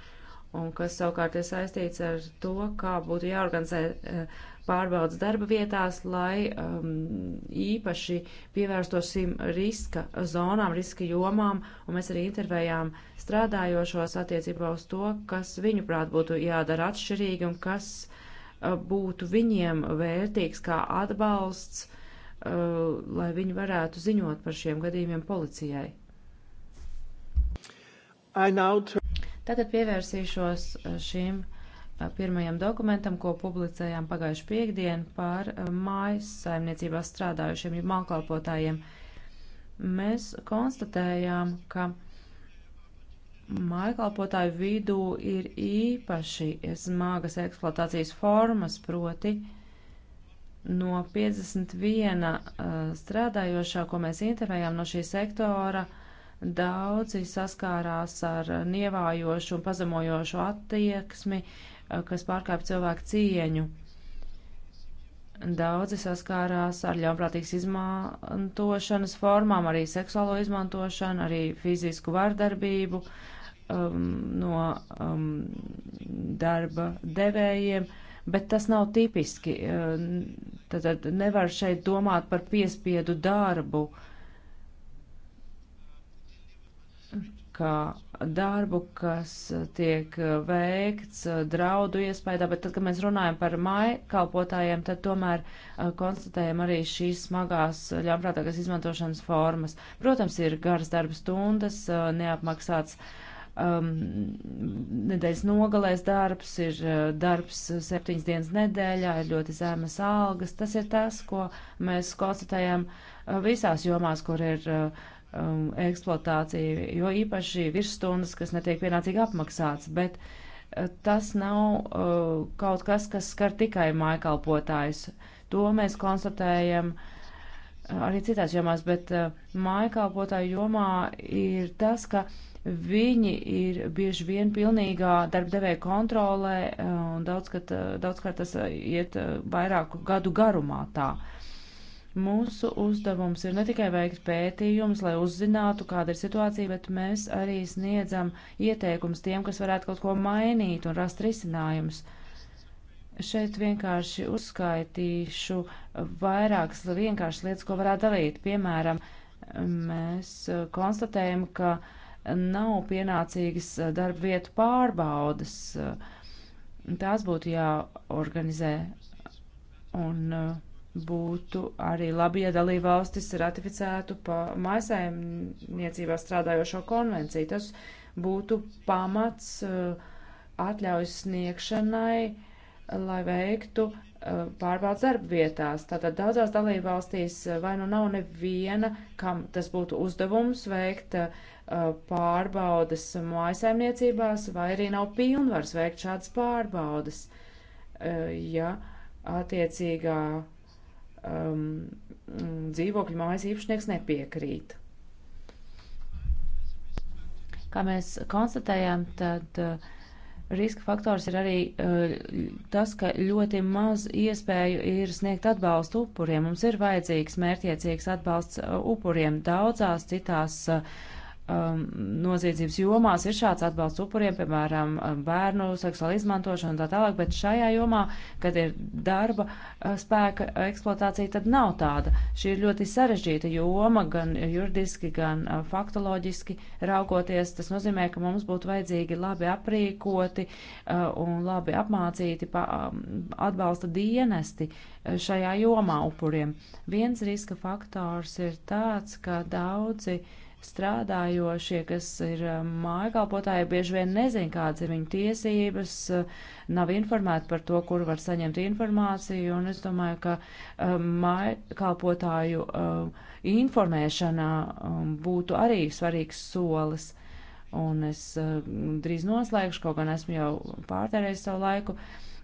un kas savukārt ir saistīts ar to, kā būtu jāorganizē eh, pārbaudas darba vietās, lai um, īpaši pievērstos šīm riska zonām, riska jomām, un mēs arī intervējām strādājošos attiecībā uz to, kas viņuprāt būtu jādara atšķirīgi un kas uh, būtu viņiem vērtīgs kā atbalsts, uh, lai viņi varētu ziņot par šiem gadījumiem policijai. I now turn Tagad pievērsīšos eh, šīm eh, pirmajam dokumentam, ko publicējām pagājuši piekdien par eh, mājas saimniecībā strādājušiem mākalpotājiem. Mēs konstatējām, ka mājakalpotāju vidū ir īpaši smagas eksploatācijas formas, proti no 51 strādājošā, ko mēs intervējām no šī sektora, Daudzi saskārās ar nievājošu un pazemojošu attieksmi, eh, kas pārkāpj cilvēku cieņu. Daudzi saskārās ar ļaunprātīgas izmantošanas formām, arī seksuālo izmantošanu, arī fizisku vardarbību um, no um, darba devējiem, bet tas nav tipiski. Uh, tad nevar šeit domāt par piespiedu darbu. Uh, kā darbu, kas tiek veikts draudu iespējā, bet tad, kad mēs runājam par mājkalpotājiem, tad tomēr uh, konstatējam arī šīs smagās ļaunprātīgās izmantošanas formas. Protams, ir garas darba stundas, uh, neapmaksāts um, nedēļas nogalēs darbs, ir uh, darbs septiņas dienas nedēļā, ir ļoti zemas algas. Tas ir tas, ko mēs konstatējam visās jomās, kur ir uh, um, eksploatāciju, jo īpaši virsstundas, kas netiek pienācīgi apmaksāts, bet uh, tas nav uh, kaut kas, kas skar tikai mājkalpotājs. To mēs konstatējam uh, arī citās jomās, bet uh, mājkalpotāju jomā ir tas, ka viņi ir bieži vien pilnīgā darbdevēja kontrolē, uh, un daudzkārt daudz, kad, uh, daudz tas iet vairāku gadu garumā tā. Uh, Mūsu uzdevums ir ne tikai veikt pētījumus, lai uzzinātu, kāda ir situācija, bet mēs arī sniedzam ieteikums tiem, kas varētu kaut ko mainīt un rast risinājumus. Šeit vienkārši uzskaitīšu vairākas vienkāršas lietas, ko varētu darīt. Piemēram, mēs konstatējam, ka nav pienācīgas darba vietu pārbaudas. Tās būtu jāorganizē. Un uh, būtu arī labi, ja dalībvalstis ratificētu pa maisaimniecībā strādājošo konvenciju. Tas būtu pamats uh, atļaujas sniegšanai, lai veiktu uh, pārbaudas darba vietās. Tātad daudzās dalībvalstīs uh, vai nu nav neviena, kam tas būtu uzdevums veikt pārbaudas mājasaimniecībās, vai arī nav pilnvars veikt šādas pārbaudas, ja attiecīgā um, dzīvokļu mājas īpašnieks nepiekrīt. Kā mēs konstatējam, tad uh, riska faktors ir arī uh, tas, ka ļoti maz iespēju ir sniegt atbalstu upuriem. Mums ir vajadzīgs mērķiecīgs atbalsts uh, upuriem daudzās citās uh, um, noziedzības jomās ir šāds atbalsts upuriem, piemēram, um, bērnu seksuāla izmantošana un tā tālāk, bet šajā jomā, kad ir darba uh, spēka eksploatācija, tad nav tāda. Šī ir ļoti sarežģīta joma, gan juridiski, gan uh, faktoloģiski raugoties. Tas nozīmē, ka mums būtu vajadzīgi labi aprīkoti uh, un labi apmācīti pa, um, atbalsta dienesti uh, šajā jomā upuriem. Viens riska faktors ir tāds, ka daudzi uh, strādājošie, kas ir eh, mājkalpotāji, bieži vien nezin, kādas ir viņu tiesības, eh, nav informēti par to, kur var saņemt informāciju, un es domāju, ka eh, mājkalpotāju informēšanā būtu arī svarīgs solis. Un es drīz noslēgšu, kaut gan esmu jau pārtērējis savu laiku.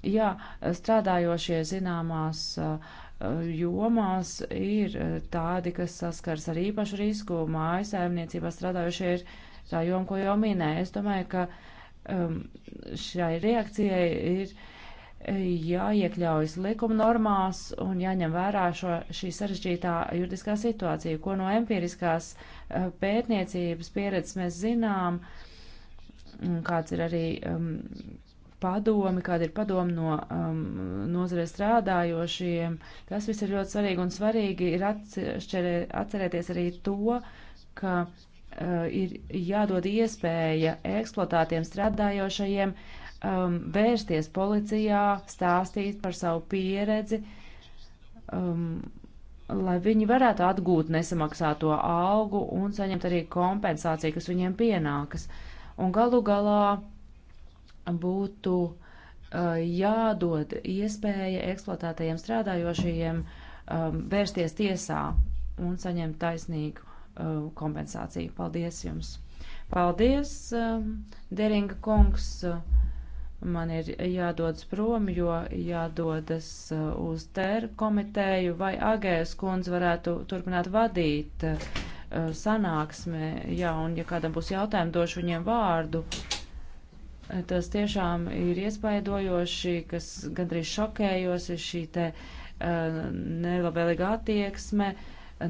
Jā, strādājošie zināmās uh, Eh, jomās ir eh, tādi, kas saskars ar īpašu risku. Mājas saimniecībā strādājušie ir tā joma, ko jau minēju. Es domāju, ka um, šai reakcijai ir eh, jāiekļaujas likuma normās un jāņem vērā šo, šī sarežģītā juridiskā situācija, ko no empiriskās uh, pētniecības pieredzes mēs zinām, mm, kāds ir arī um, padomi, kāda ir padomi no um, nozarē strādājošiem. Tas viss ir ļoti svarīgi un svarīgi ir atšķirē, atcerēties arī to, ka uh, ir jādod iespēja eksploatātiem strādājošajiem um, vērsties policijā, stāstīt par savu pieredzi. Um, lai viņi varētu atgūt nesamaksāto algu un saņemt arī kompensāciju, kas viņiem pienākas. Un galu galā būtu uh, jādod iespēja eksploatētajiem strādājošajiem um, vērsties tiesā un saņemt taisnīgu uh, kompensāciju. Paldies jums! Paldies, uh, Deringa kungs! Man ir jādodas prom, jo jādodas uh, uz tēru komiteju, vai Agēs kundze varētu turpināt vadīt uh, sanāksmē. Jā, un ja kādam būs jautājumi, došu viņiem vārdu. Tas tiešām ir iespaidojoši, kas gandrīz šokējos, ir šī te uh, nelabvēlīga attieksme,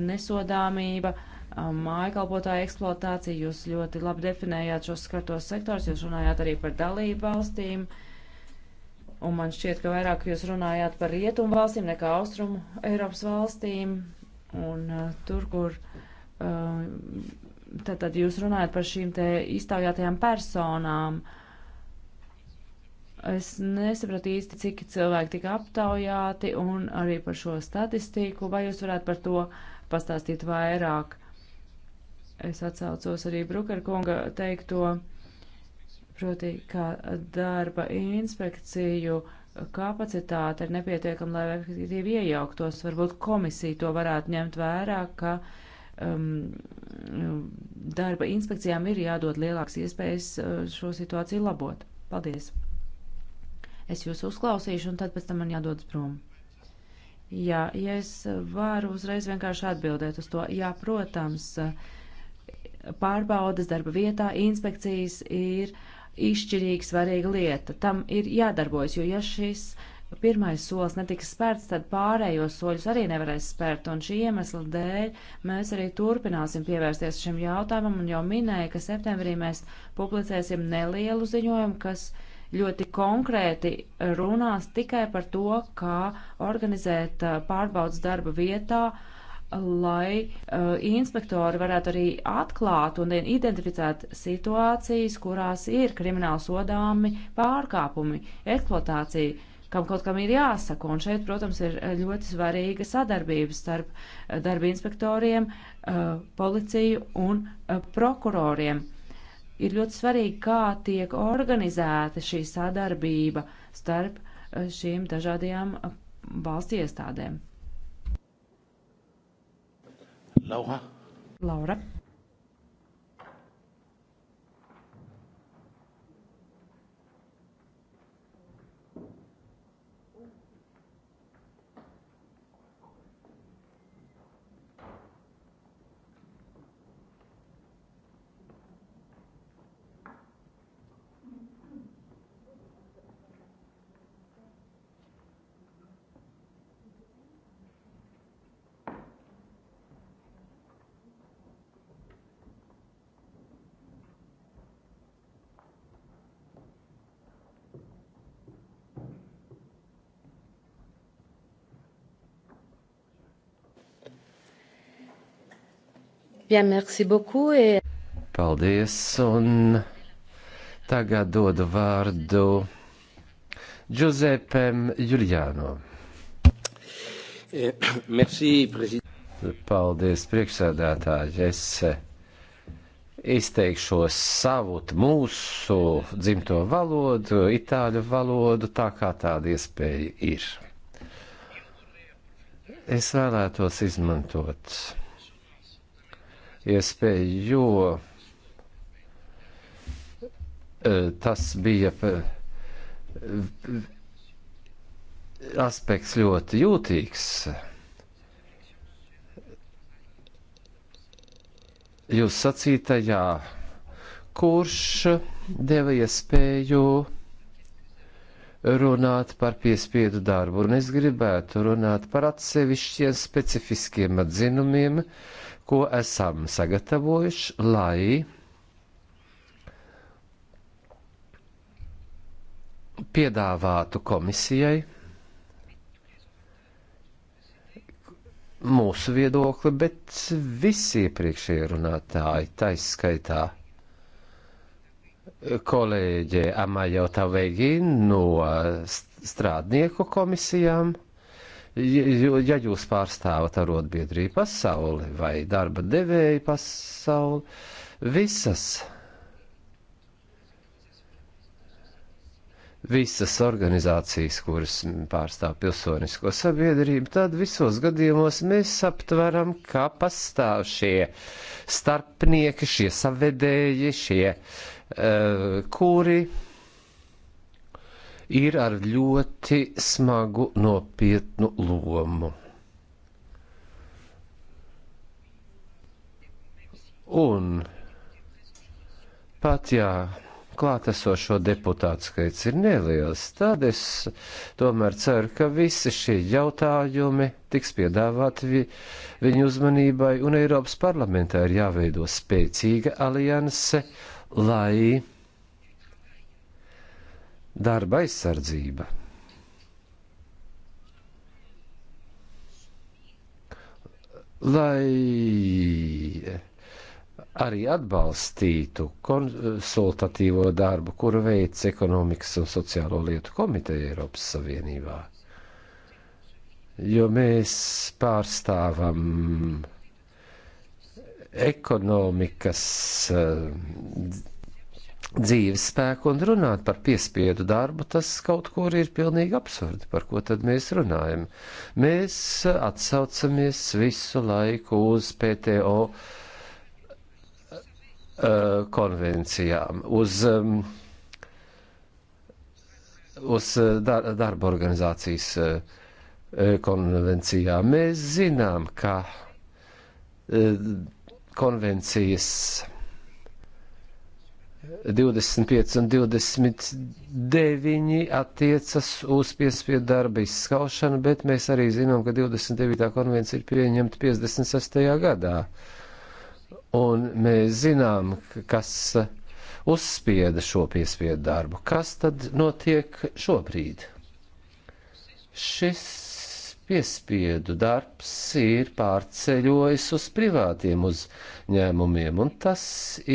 nesodāmība, um, uh, mājkalpotāja eksploatācija. Jūs ļoti labi definējāt šos skartos sektors, jūs runājāt arī par dalību valstīm. Un man šķiet, ka vairāk jūs runājāt par rietumu valstīm nekā austrumu Eiropas valstīm. Un uh, tur, kur. Uh, Tātad jūs runājat par šīm te iztaujātajām personām, uh, Es nesapratu īsti, cik cilvēki tika aptaujāti un arī par šo statistiku. Vai jūs varētu par to pastāstīt vairāk? Es atsaucos arī Brukerkunga teikto, proti, ka darba inspekciju kapacitāte ir nepietiekama, lai efektīvi iejauktos. Varbūt komisija to varētu ņemt vērā, ka um, darba inspekcijām ir jādod lielāks iespējas uh, šo situāciju labot. Paldies! es jūs uzklausīšu, un tad pēc tam man jādodas prom. Jā, ja es varu uzreiz vienkārši atbildēt uz to, jā, protams, pārbaudas darba vietā, inspekcijas ir izšķirīgi svarīga lieta. Tam ir jādarbojas, jo ja šis pirmais solis netiks spērts, tad pārējos soļus arī nevarēs spērt, un šī iemesla dēļ mēs arī turpināsim pievērsties šim jautājumam, un jau minēju, ka septembrī mēs publicēsim nelielu ziņojumu, kas ļoti konkrēti runās tikai par to, kā organizēt pārbaudas darba vietā, lai uh, inspektori varētu arī atklāt un identificēt situācijas, kurās ir krimināli sodāmi pārkāpumi, eksploatācija, kam kaut kam ir jāsaka. Un šeit, protams, ir ļoti svarīga sadarbība starp darba inspektoriem, uh, policiju un uh, prokuroriem ir ļoti svarīgi, kā tiek organizēta šī sadarbība starp eh, šīm dažādajām eh, valsts iestādēm. Laura. Laura. Bien, merci beaucoup. Et... Paldies, un tagad dodu vārdu Giuseppem Juliano. Eh, merci, prezident. Paldies, priekšsēdētāji. Es eh, izteikšos savu mūsu dzimto valodu, itāļu valodu, tā kā tāda iespēja ir. Es vēlētos izmantot iespēju, jo e, tas bija e, aspekts ļoti jūtīgs. Jūs sacītajā, kurš deva iespēju runāt par piespiedu darbu, un es gribētu runāt par atsevišķiem specifiskiem atzinumiem, uh, ko esam sagatavojuši, lai piedāvātu komisijai mūsu viedokli, bet visi iepriekšējie runātāji, taiskaitā kolēģe Amajota Vegina no strādnieku komisijām ja jūs pārstāvat arotbiedrību pasauli vai darba devēju pasauli, visas visas organizācijas, kuras pārstāv pilsonisko sabiedrību, tad visos gadījumos mēs aptveram, kā pastāv šie starpnieki, šie savedēji, šie uh, kuri ir ar ļoti smagu nopietnu lomu. Un pat jā, klātesošo deputātu skaits ir neliels, tad es tomēr ceru, ka visi šie jautājumi tiks piedāvāti vi, viņu uzmanībai, un Eiropas parlamentā ir jāveido spēcīga alianse, lai darba aizsardzība. Lai arī atbalstītu konsultatīvo darbu, kuru veids ekonomikas un sociālo lietu komiteja Eiropas Savienībā. Jo mēs pārstāvam ekonomikas uh, dzīves spēku un runāt par piespiedu darbu, tas kaut kur ir pilnīgi absurdi, par ko tad mēs runājam. Mēs atsaucamies visu laiku uz PTO uh, eh, konvencijām, uz, um, uz eh, dar darba organizācijas uh, konvencijām. Mēs zinām, ka uh, konvencijas 25 un 29 attiecas uz piespiedu darba izskaušanu, bet mēs arī zinām, ka 29. konvencija ir pieņemta 56. gadā. Un mēs zinām, kas uzspieda šo piespiedu darbu. Kas tad notiek šobrīd? Šis piespiedu darbs ir pārceļojis uz privātiem uzņēmumiem, un tas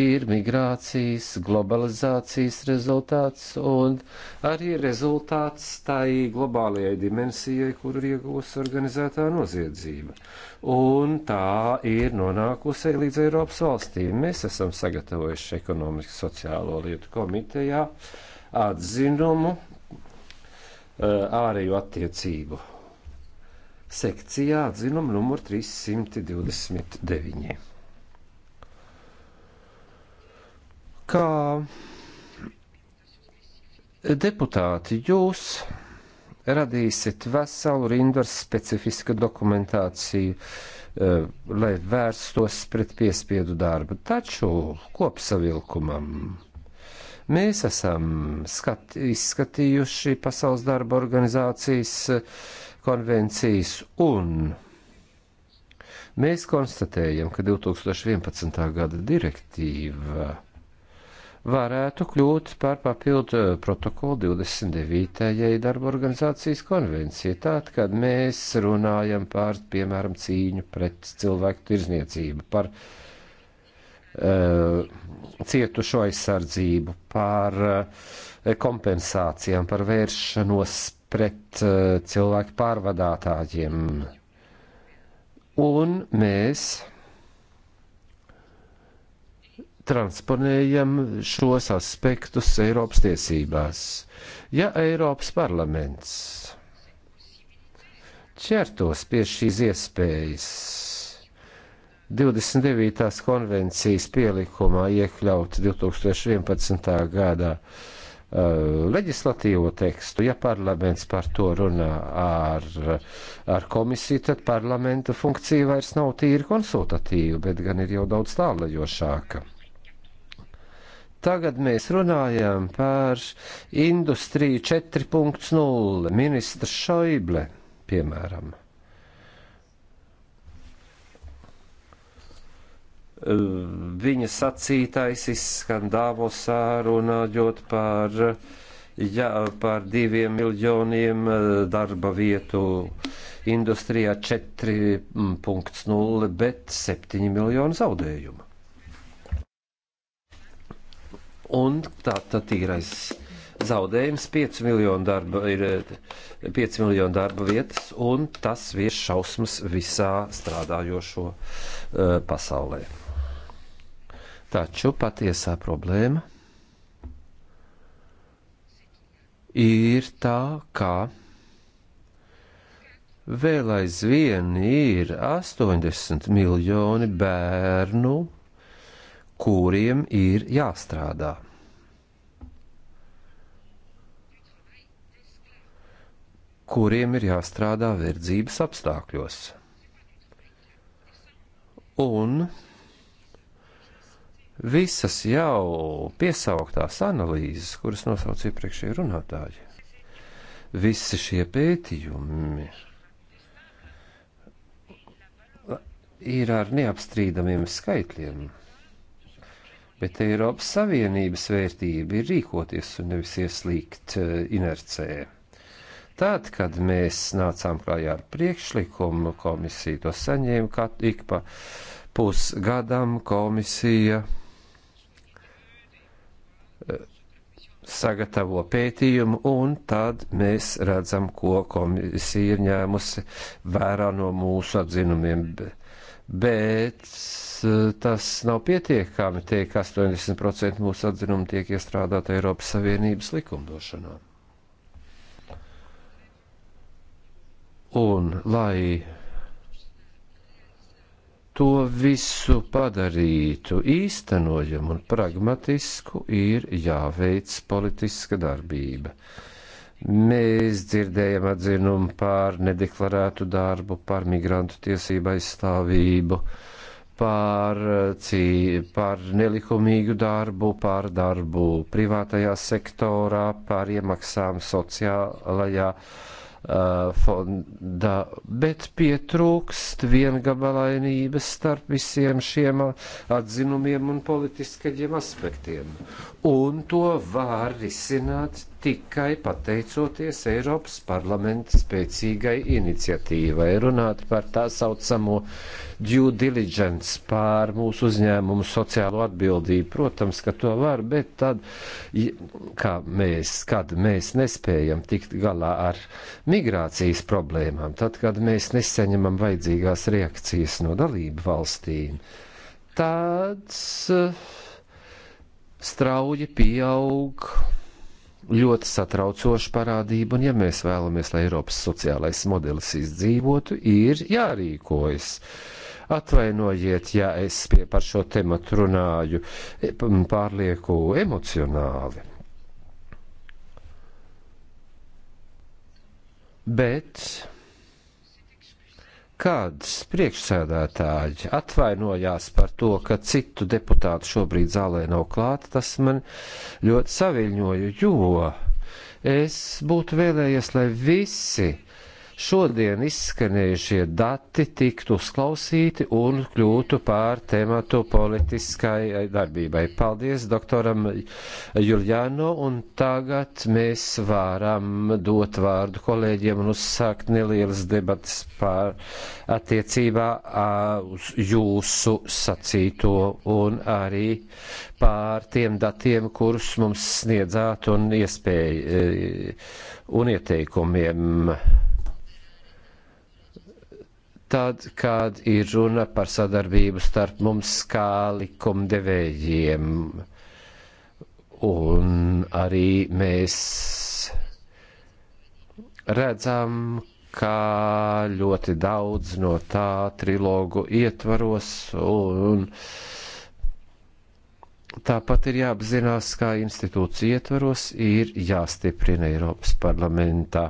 ir migrācijas, globalizācijas rezultāts un arī rezultāts tai globālajai dimensijai, kur ir iegūst organizētā noziedzība. Un tā ir nonākusi līdz Eiropas valstīm. Mēs esam sagatavojuši ekonomikas sociālo lietu komitejā atzinumu eh, ārēju attiecību sekcijā atzinuma numur 329. Kā deputāti jūs radīsit veselu rindu ar specifisku dokumentāciju, eh, lai vērstos pret piespiedu darbu. Taču kopsavilkumam mēs esam skat, izskatījuši Pasaules darba organizācijas konvencijas un mēs konstatējam, ka 2011. gada direktīva varētu kļūt par papildu eh, protokolu 29. darba organizācijas konvencija, tātad, kad mēs runājam par, piemēram, cīņu pret cilvēku tirzniecību, par uh, cietušo aizsardzību, par uh, kompensācijām, par vēršanos pret uh, cilvēku pārvadātājiem. Un mēs transponējam šos aspektus Eiropas tiesībās. Ja Eiropas parlaments ķertos pie šīs iespējas 29. konvencijas pielikumā iekļaut 2011. gadā Eh, leģislatīvo tekstu, ja parlaments par to runā ar, ar komisiju, tad parlamenta funkcija vairs nav tīri konsultatīva, bet gan ir jau daudz tālajošāka. Tagad mēs runājam par industriju 4.0 ministra Šoible, piemēram. viņa sacītais izskan Davosā runājot par, ja, par diviem miljoniem eh, darba vietu industrijā 4.0, bet 7 miljonu zaudējumu. Un tā tad tīrais zaudējums 5 miljonu darba, ir 5 eh, miljonu darba vietas, un tas vieš šausmas visā strādājošo uh, pasaulē. Taču patiesā problēma ir tā, ka vēl aizvien ir 80 miljoni bērnu, kuriem ir jāstrādā. kuriem ir jāstrādā verdzības apstākļos. Un visas jau piesauktās analīzes, kuras nosauc iepriekšēji runātāji. Visi šie pētījumi ir ar neapstrīdamiem skaitļiem, bet Eiropas Savienības vērtība ir rīkoties un nevis ieslīgt eh, inercē. Tad, kad mēs nācām klājā ar priekšlikumu, komisija to saņēma ik pa pusgadam komisija sagatavo pētījumu, un tad mēs redzam, ko komisija ir ņēmusi vērā no mūsu atzinumiem. Bet eh, tas nav pietiekami, tiek 80% mūsu atzinumu tiek iestrādāta Eiropas Savienības likumdošanā. Un lai to visu padarītu īstenojumu un pragmatisku, ir jāveic politiska darbība. Mēs dzirdējam atzinumu pār nedeklarētu darbu, pār migrantu tiesību aizstāvību, pār, cī, pār nelikumīgu darbu, pār darbu privātajā sektorā, pār iemaksām sociālajā sektorā Uh, fonda, bet pietrūkst viengabalainības starp visiem šiem atzinumiem un politiskajiem aspektiem. Un to var risināt tikai pateicoties Eiropas parlamenta spēcīgai iniciatīvai runāt par tā saucamo due diligence pār mūsu uzņēmumu sociālo atbildību. Protams, ka to var, bet tad, kā mēs, kad mēs nespējam tikt galā ar migrācijas problēmām, tad, kad mēs nesaņemam vajadzīgās reakcijas no dalību valstīm, tāds eh, strauji pieaug ļoti satraucoša parādība, un ja mēs vēlamies, lai Eiropas sociālais modelis izdzīvotu, ir jārīkojas. Atvainojiet, ja es pie par šo tematu runāju e, pārlieku emocionāli. Bet kad priekšsēdētāji atvainojās par to, ka citu deputātu šobrīd zālē nav klāta, tas man ļoti saviļņoja, jo es būtu vēlējies, lai visi šodien izskanējušie dati tiktu uzklausīti un kļūtu pār tematu politiskai darbībai. Paldies doktoram Juliano, un tagad mēs varam dot vārdu kolēģiem un uzsākt nelielas debatas pār attiecībā uz jūsu sacīto un arī pār tiem datiem, kurus mums sniedzāt un iespēju e, un ieteikumiem tad, kad ir runa par sadarbību starp mums kā likumdevējiem. Un arī mēs redzam, kā ļoti daudz no tā trilogu ietvaros, un tāpat ir jāapzinās, kā institūcija ietvaros ir jāstiprina Eiropas parlamentā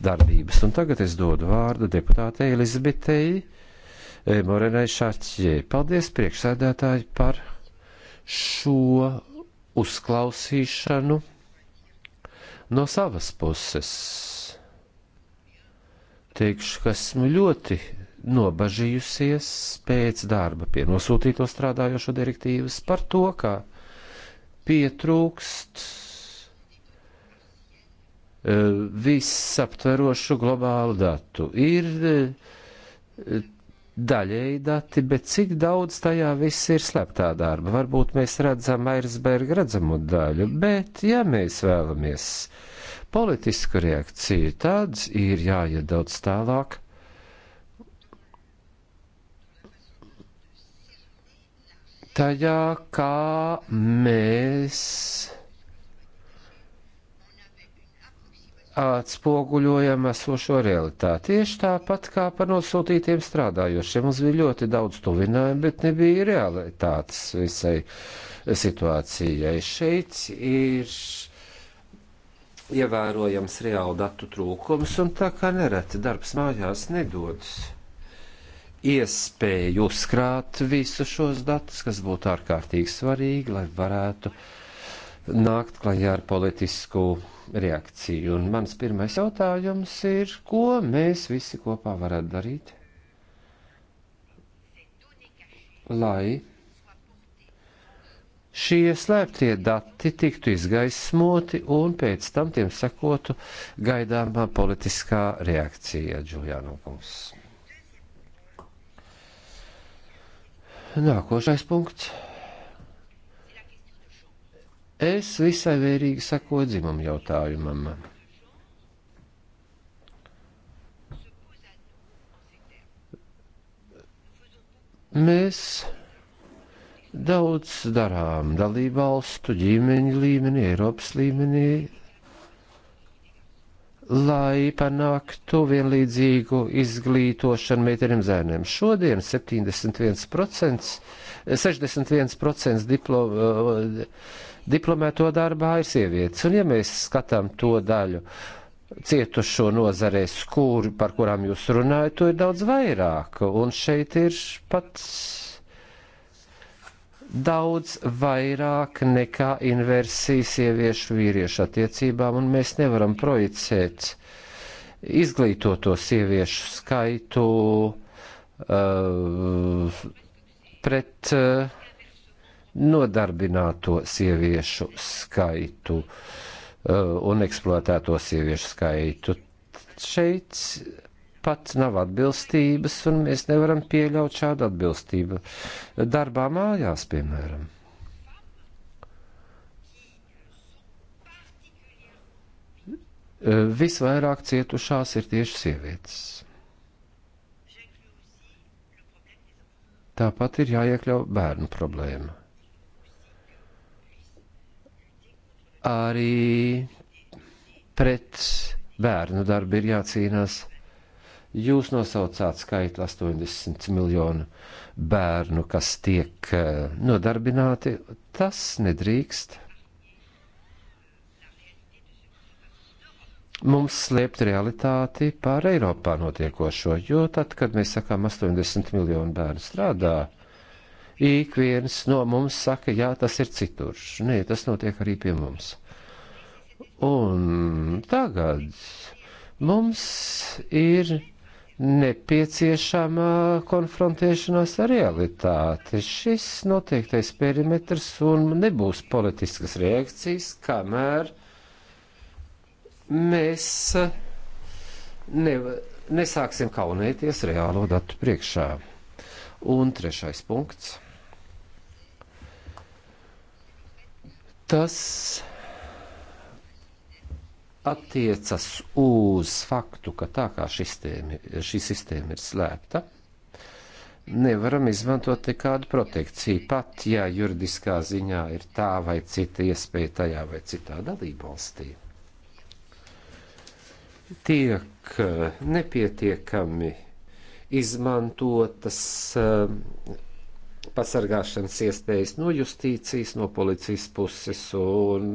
darbības. Un tagad es dodu vārdu deputātei Elizabetei eh, Morenai Šarķē. Paldies priekšsēdētāji par šo uzklausīšanu no savas puses. Teikšu, ka esmu ļoti nobažījusies pēc darba pie nosūtīto strādājošo direktīvas par to, ka pietrūkst E, visaptverošu globālu datu. Ir e, daļēji dati, bet cik daudz tajā viss ir sleptā darba? Varbūt mēs redzam Airsberga redzamo daļu, bet ja mēs vēlamies politisku reakciju, tad ir jāiet daudz tālāk. Tajā kā mēs atspoguļojam esošo realitāti. Tieši tāpat kā par nosūtītiem strādājošiem. Mums bija ļoti daudz tuvinājumu, bet nebija realitātes visai situācijai. Šeit ir ievērojams reāli datu trūkums, un tā kā nereti darbs mājās nedodas iespēju uzkrāt visus šos datus, kas būtu ārkārtīgi svarīgi, lai varētu nākt klajā ar politisku reakciju. Un mans pirmais jautājums ir, ko mēs visi kopā varētu darīt, lai šie slēptie dati tiktu izgaismoti un pēc tam tiem sekotu gaidāmā politiskā reakcija, Džuljāno kungs. Nākošais punkts. Es visai vērīgi sakoju dzimumu jautājumam. Mēs daudz darām dalībvalstu ģimeņu līmenī, Eiropas līmenī, lai panāktu vienlīdzīgu izglītošanu meitenēm zēniem. Šodien 71%, 61% diploma diplomēto darbā ir sievietes. Un ja mēs skatām to daļu cietušo nozarēs, kur, par kurām jūs runājat, to ir daudz vairāk. Un šeit ir pats daudz vairāk nekā inversijas sieviešu vīriešu attiecībām, un mēs nevaram projicēt izglītoto sieviešu skaitu uh, pret. Uh, nodarbināto sieviešu skaitu eh, un eksploatēto sieviešu skaitu. Šeit pat nav atbilstības, un mēs nevaram pieļaut šādu atbilstību darbā mājās, piemēram. Eh, visvairāk cietušās ir tieši sievietes. Tāpat ir jāiekļauj bērnu problēma. arī pret bērnu darbu ir jācīnās. Jūs nosaucāt skaitli 80 miljonu bērnu, kas tiek eh, nodarbināti. Tas nedrīkst. Mums slēpt realitāti pār Eiropā notiekošo, jo tad, kad mēs sakām 80 miljonu bērnu strādā, ik viens no mums saka, jā, tas ir citur. Nē, tas notiek arī pie mums. Un tagad mums ir nepieciešama konfrontēšanās ar realitāti. Šis noteiktais perimetrs un nebūs politiskas reakcijas, kamēr mēs ne, nesāksim kaunēties reālo datu priekšā. Un trešais punkts. Tas attiecas uz faktu, ka tā kā sistēma, šī sistēma ir slēpta, nevaram izmantot nekādu protekciju, pat ja juridiskā ziņā ir tā vai cita iespēja tajā vai citā dalībvalstī. Tiek eh, nepietiekami izmantotas eh, pasargāšanas iespējas no justīcijas, no policijas puses. Un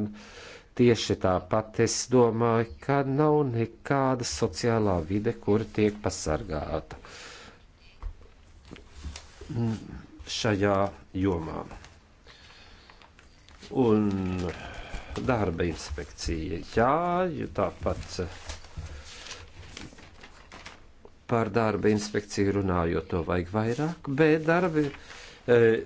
tieši tāpat es domāju, ka nav nekāda sociālā vide, kur tiek pasargāta šajā jomā. Un darba inspekcija, jā, tāpat par darba inspekciju runājot, to vajag vairāk, bet darba inspekcija Eh,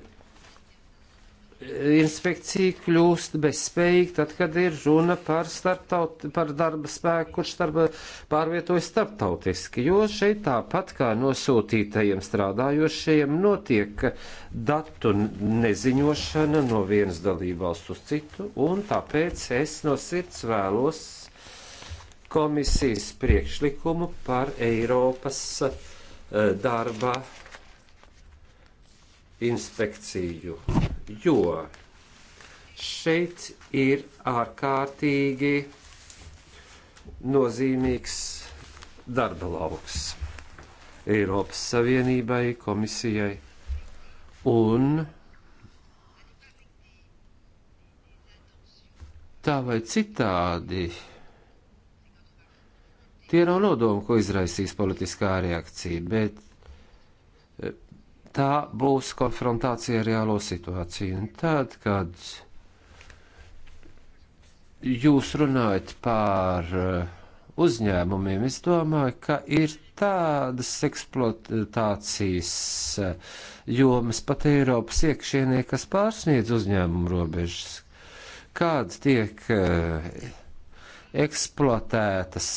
inspekcija kļūst bezspējīga tad, kad ir runa par, starptaut, par darba spēku, kurš darba pārvietojas starptautiski, jo šeit tāpat kā nosūtītajiem strādājošajiem notiek datu neziņošana no vienas dalībvalsts uz citu, un tāpēc es no sirds vēlos komisijas priekšlikumu par Eiropas eh, darba inspekciju, jo šeit ir ārkārtīgi nozīmīgs darba lauks Eiropas Savienībai, komisijai un tā vai citādi. Tie nav nodomi, ko izraisīs politiskā reakcija, bet tā būs konfrontācija ar reālo situāciju. Un tad, kad jūs runājat par uh, uzņēmumiem, es domāju, ka ir tādas eksploatācijas uh, jomas pat Eiropas iekšienē, kas pārsniedz uzņēmumu robežas. Kāda tiek uh, eksploatētas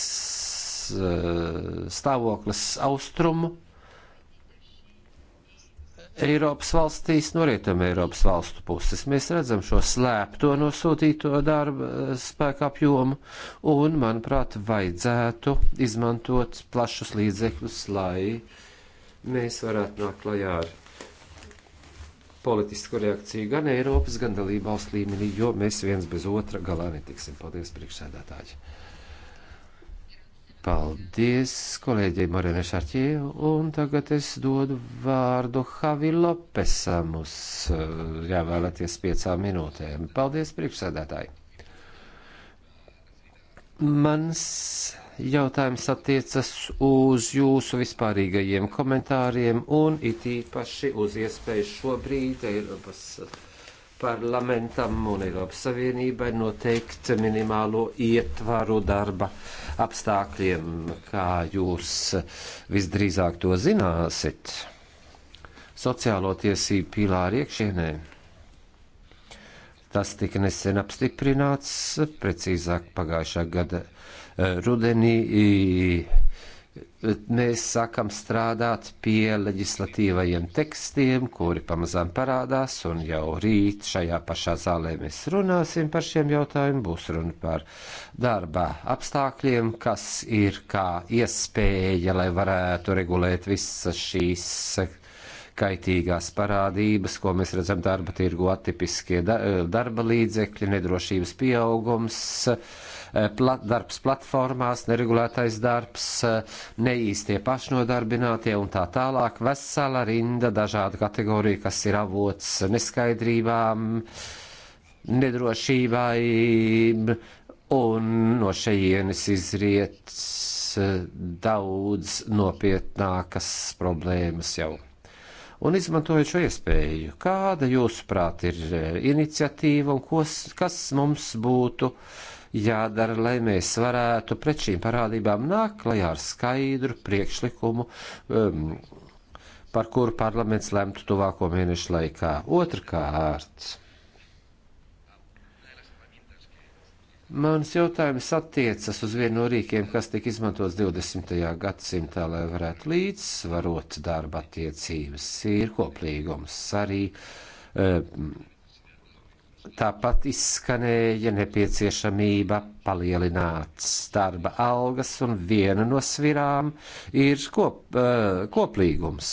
stāvoklis austrumu Eiropas valstīs, no rietuma Eiropas valstu puses. Mēs redzam šo slēpto nosūtīto darba eh, spēku apjomu, un, manuprāt, vajadzētu izmantot plašus līdzekļus, lai mēs varētu nākt klajā ar politisku reakciju gan Eiropas, gan dalībvalstu līmenī, jo mēs viens bez otra galā netiksim. Paldies, priekšsēdētāji! Paldies kolēģei Morēnai Šarķē, un tagad es dodu vārdu Havi Lopesam uz, eh, ja vēlaties, piecām minūtēm. Paldies, priekšsēdētāji! Mans jautājums attiecas uz jūsu vispārīgajiem komentāriem un it īpaši uz iespēju šobrīd Eiropas. Uh, parlamentam un Eiropas Savienībai noteikt minimālo ietvaru darba apstākļiem, kā jūs visdrīzāk to zināsit. Sociālo tiesību pīlāri iekšienē. Tas tika nesen apstiprināts, precīzāk pagājušā gada eh, rudenī mēs sākam strādāt pie leģislatīvajiem tekstiem, kuri pamazām parādās, un jau rīt šajā pašā zālē mēs runāsim par šiem jautājumiem. Būs runa par darba apstākļiem, kas ir kā iespēja, lai varētu regulēt visas šīs kaitīgās parādības, ko mēs redzam darba tirgu, atipiskie darba līdzekļi, nedrošības pieaugums Eh, plat, darbs platformās, neregulētais darbs, eh, neīstie pašnodarbinātie un tā tālāk. Vesela rinda dažādu kategoriju, kas ir avots neskaidrībām, nedrošībai, un no šejienes izriet eh, daudz nopietnākas problēmas jau un izmantojot šo iespēju, kāda jūsuprāt ir iniciatīva un kos, kas mums būtu jādara, lai mēs varētu pret šīm parādībām nākt klajā ar skaidru priekšlikumu, um, par kuru parlaments lemtu tuvāko mēnešu laikā. Otrkārt, mans jautājums attiecas uz vienu no rīkiem, kas tika izmantots 20. gadsimtā, lai varētu līdzsvarot darba attiecības, ir koplīgums arī. Um, Tāpat izskanēja nepieciešamība palielināt starba algas, un viena no svirām ir kop, uh, koplīgums.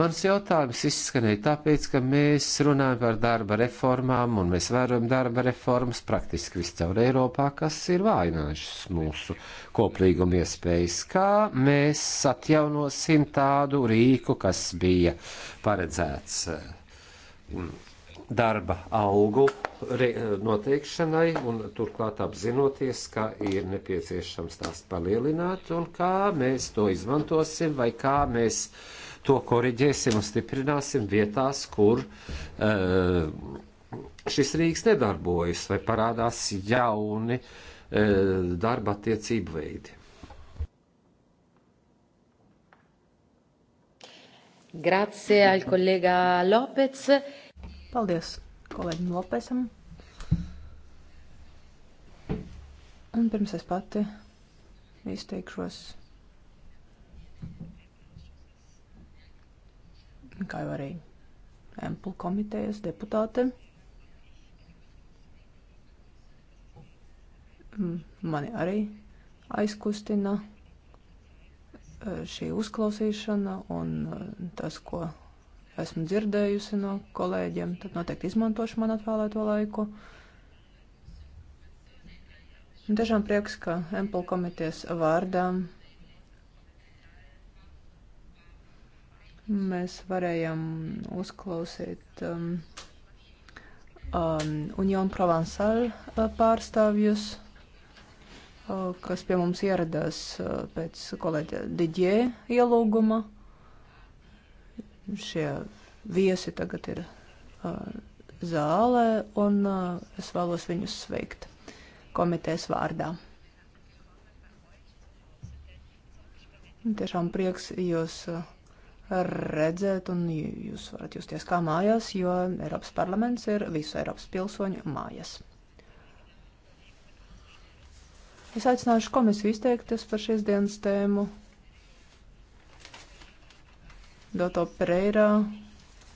Mans jautājums izskanēja tāpēc, ka mēs runājam par darba reformām, un mēs vērojam darba reformas praktiski viscaur Eiropā, kas ir vājinājušas mūsu koplīguma iespējas. Kā mēs atjaunosim tādu rīku, kas bija paredzēts? Uh, darba algu noteikšanai un turklāt apzinoties, ka ir nepieciešams tās palielināt un kā mēs to izmantosim vai kā mēs to koriģēsim un stiprināsim vietās, kur uh, šis rīks nedarbojas vai parādās jauni uh, darba attiecību veidi. Grazie al collega Lopez. Paldies kolēģim Lopesam. Un pirms es pati izteikšos, kā jau arī Emplu komitejas deputāte. mani arī aizkustina eh, šī uzklausīšana un eh, tas, ko esmu dzirdējusi no kolēģiem, tad noteikti izmantošu man atvēlēto laiku. Un tiešām prieks, ka Empel komitejas vārdā mēs varējām uzklausīt um, um, Union Provençal uh, pārstāvjus, uh, kas pie mums ieradās uh, pēc kolēģa Didie ielūguma. Uh, Šie viesi tagad ir uh, zālē, un uh, es vēlos viņus sveikt komitejas vārdā. Tiešām prieks jūs redzēt, un jūs varat justies kā mājās, jo Eiropas parlaments ir visu Eiropas pilsoņu mājas. Es aicināšu komisiju izteikties par šīs dienas tēmu. Doto Pereira,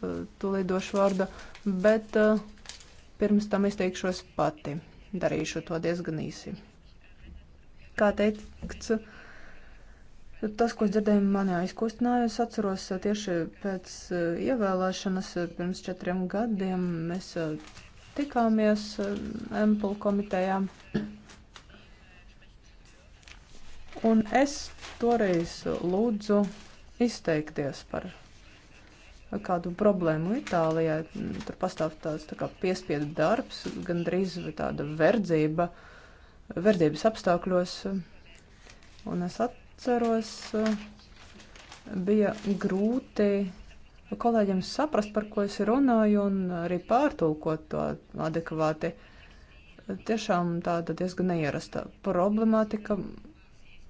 eh, tūlīt došu vārdu, bet eh, pirms tam izteikšos pati. Darīšu to diezgan īsi. Kā teikts, tas, ko dzirdēju, mani aizkustināja. Es atceros eh, tieši pēc ievēlēšanas pirms četriem gadiem mēs tikāmies Empul komitejā. Un es toreiz lūdzu izteikties par kādu problēmu Itālijā. Tur pastāv tāds tā kā piespiedu darbs, gandrīz tāda verdzība, verdzības apstākļos. Un es atceros, bija grūti kolēģiem saprast, par ko es runāju, un arī pārtulkot to adekvāti. Tiešām tāda diezgan neierasta problemātika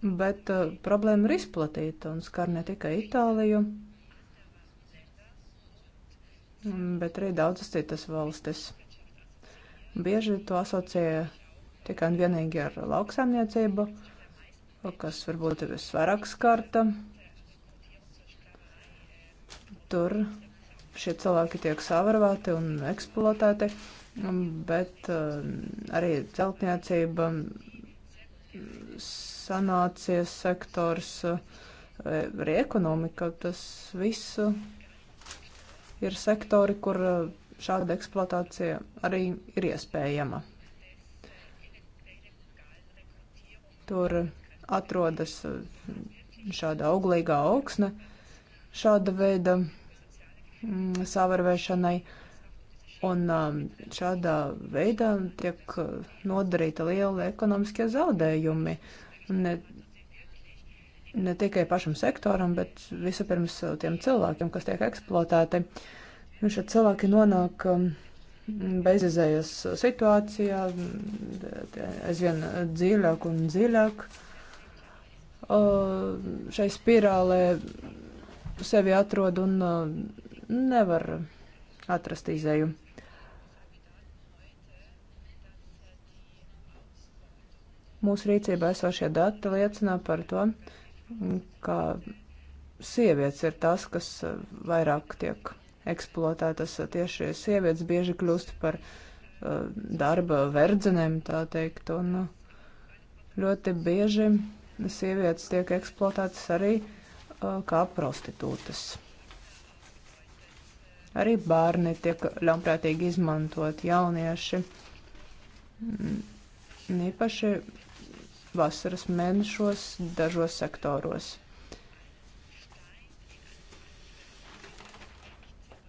bet uh, problēma ir izplatīta un skar ne tikai Itāliju, bet arī daudzas citas valstis. Bieži to asociē tikai un vienīgi ar lauksaimniecību, kas varbūt ir visvairāk skarta. Tur šie cilvēki tiek savarvēti un eksploatēti, bet uh, arī celtniecība sanācijas sektors, eh, arī ekonomika. Tas viss eh, ir sektori, kur eh, šāda eksploatācija arī ir iespējama. Tur atrodas šāda auglīgā augsne šāda veida mm, savarbēšanai. Un šādā veidā tiek nodarīta liela ekonomiskie zaudējumi. Uh, ne, ne tikai pašam sektoram, bet vispirms tiem cilvēkiem, kas tiek eksploatēti. Nu, šie cilvēki nonāk um, bezizējas situācijā, aizvien dziļāk un dziļāk. Šai spirālē sevi atrod un uh, nevar atrast izēju. Mūsu rīcībā esošie dati liecina par to, ka sievietes ir tas, kas eh, vairāk tiek eksploatētas. Tieši sievietes bieži kļūst par eh, darba verdzenēm, tā teikt, un eh, ļoti bieži sievietes tiek eksploatētas arī kā prostitūtas. Arī bērni tiek ļaunprātīgi izmantot jaunieši. Īpaši vasaras mēnešos dažos sektoros.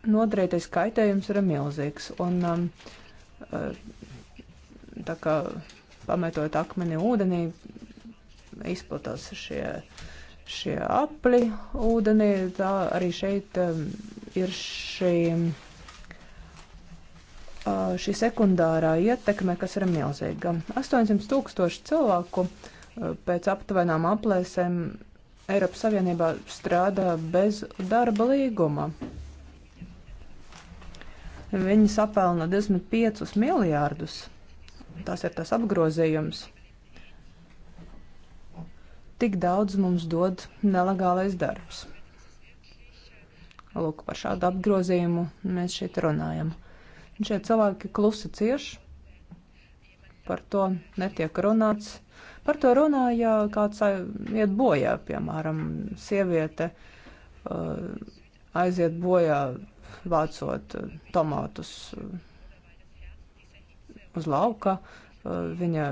Nodarītais kaitējums ir milzīgs, un um, uh, tā kā pametot akmeni ūdenī, izplatās šie, šie apli ūdenī, tā arī šeit um, ir šī. Šie šī sekundārā ietekme, kas ir milzīga. 800 tūkstoši cilvēku pēc aptuvenām aplēsēm Eiropas Savienībā strādā bez darba līguma. Viņi sapelna 25 miljārdus. Tas ir tas apgrozījums. Tik daudz mums dod nelegālais darbs. Lūk, par šādu apgrozījumu mēs šeit runājam. Un šie cilvēki klusi cieš, par to netiek runāts. Par to runāja kāds iet bojā, piemēram, sieviete uh, aiziet bojā vācot tomātus uz lauka. Uh, viņa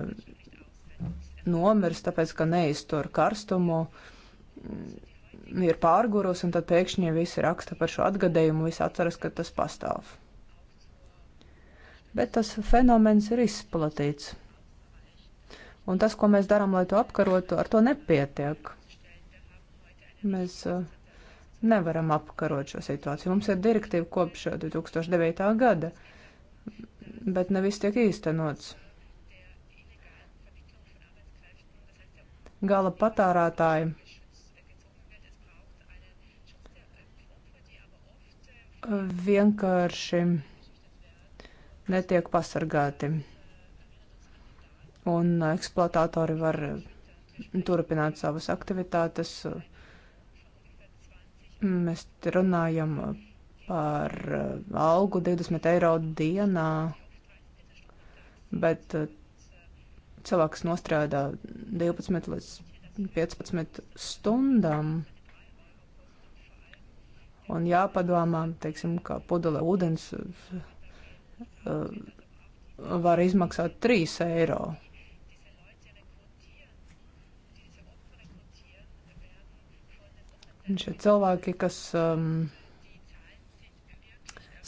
nomirst, tāpēc, ka neiztur karstumu, ir pārgurus, un tad pēkšņi visi raksta par šo atgadījumu, visi atceras, ka tas pastāv bet tas fenomens ir izplatīts. Un tas, ko mēs darām, lai to apkarotu, ar to nepietiek. Mēs eh, nevaram apkarot šo situāciju. Mums ir direktīva kopš 2009. Eh, gada, bet nevis tiek īstenots. Gala patārātāji vienkārši netiek pasargāti. Un eksploatātori var turpināt savas aktivitātes. Mēs runājam par uh, algu 20 eiro dienā, bet uh, cilvēks nostrādā 12 līdz 15 stundām. Un jāpadomā, teiksim, kā pudelē ūdens Um, var izmaksāt 3 eiro. Un šie cilvēki, kas um,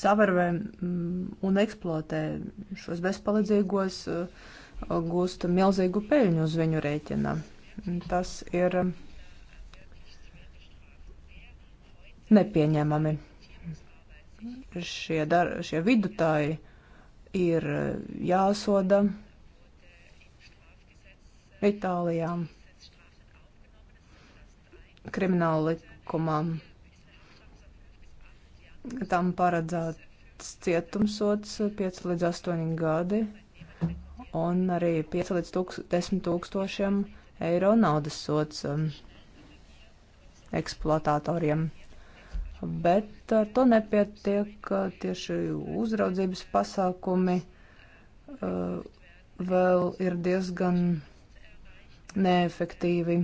savērvē um, mm, un eksploatē šos bezpalīdzīgos, uh, gūst milzīgu peļņu uz viņu rēķina. Tas ir um, nepieņemami šie, dar, šie vidutāji ir eh, jāsoda Itālijā krimināla likumā. Tam paredzēts cietumsots 5 līdz 8 gadi un arī 5 līdz 10 tūkstošiem eiro naudas sots eh, eksploatatoriem bet ar to nepietiek tieši uzraudzības pasākumi. Eh, vēl ir diezgan neefektīvi,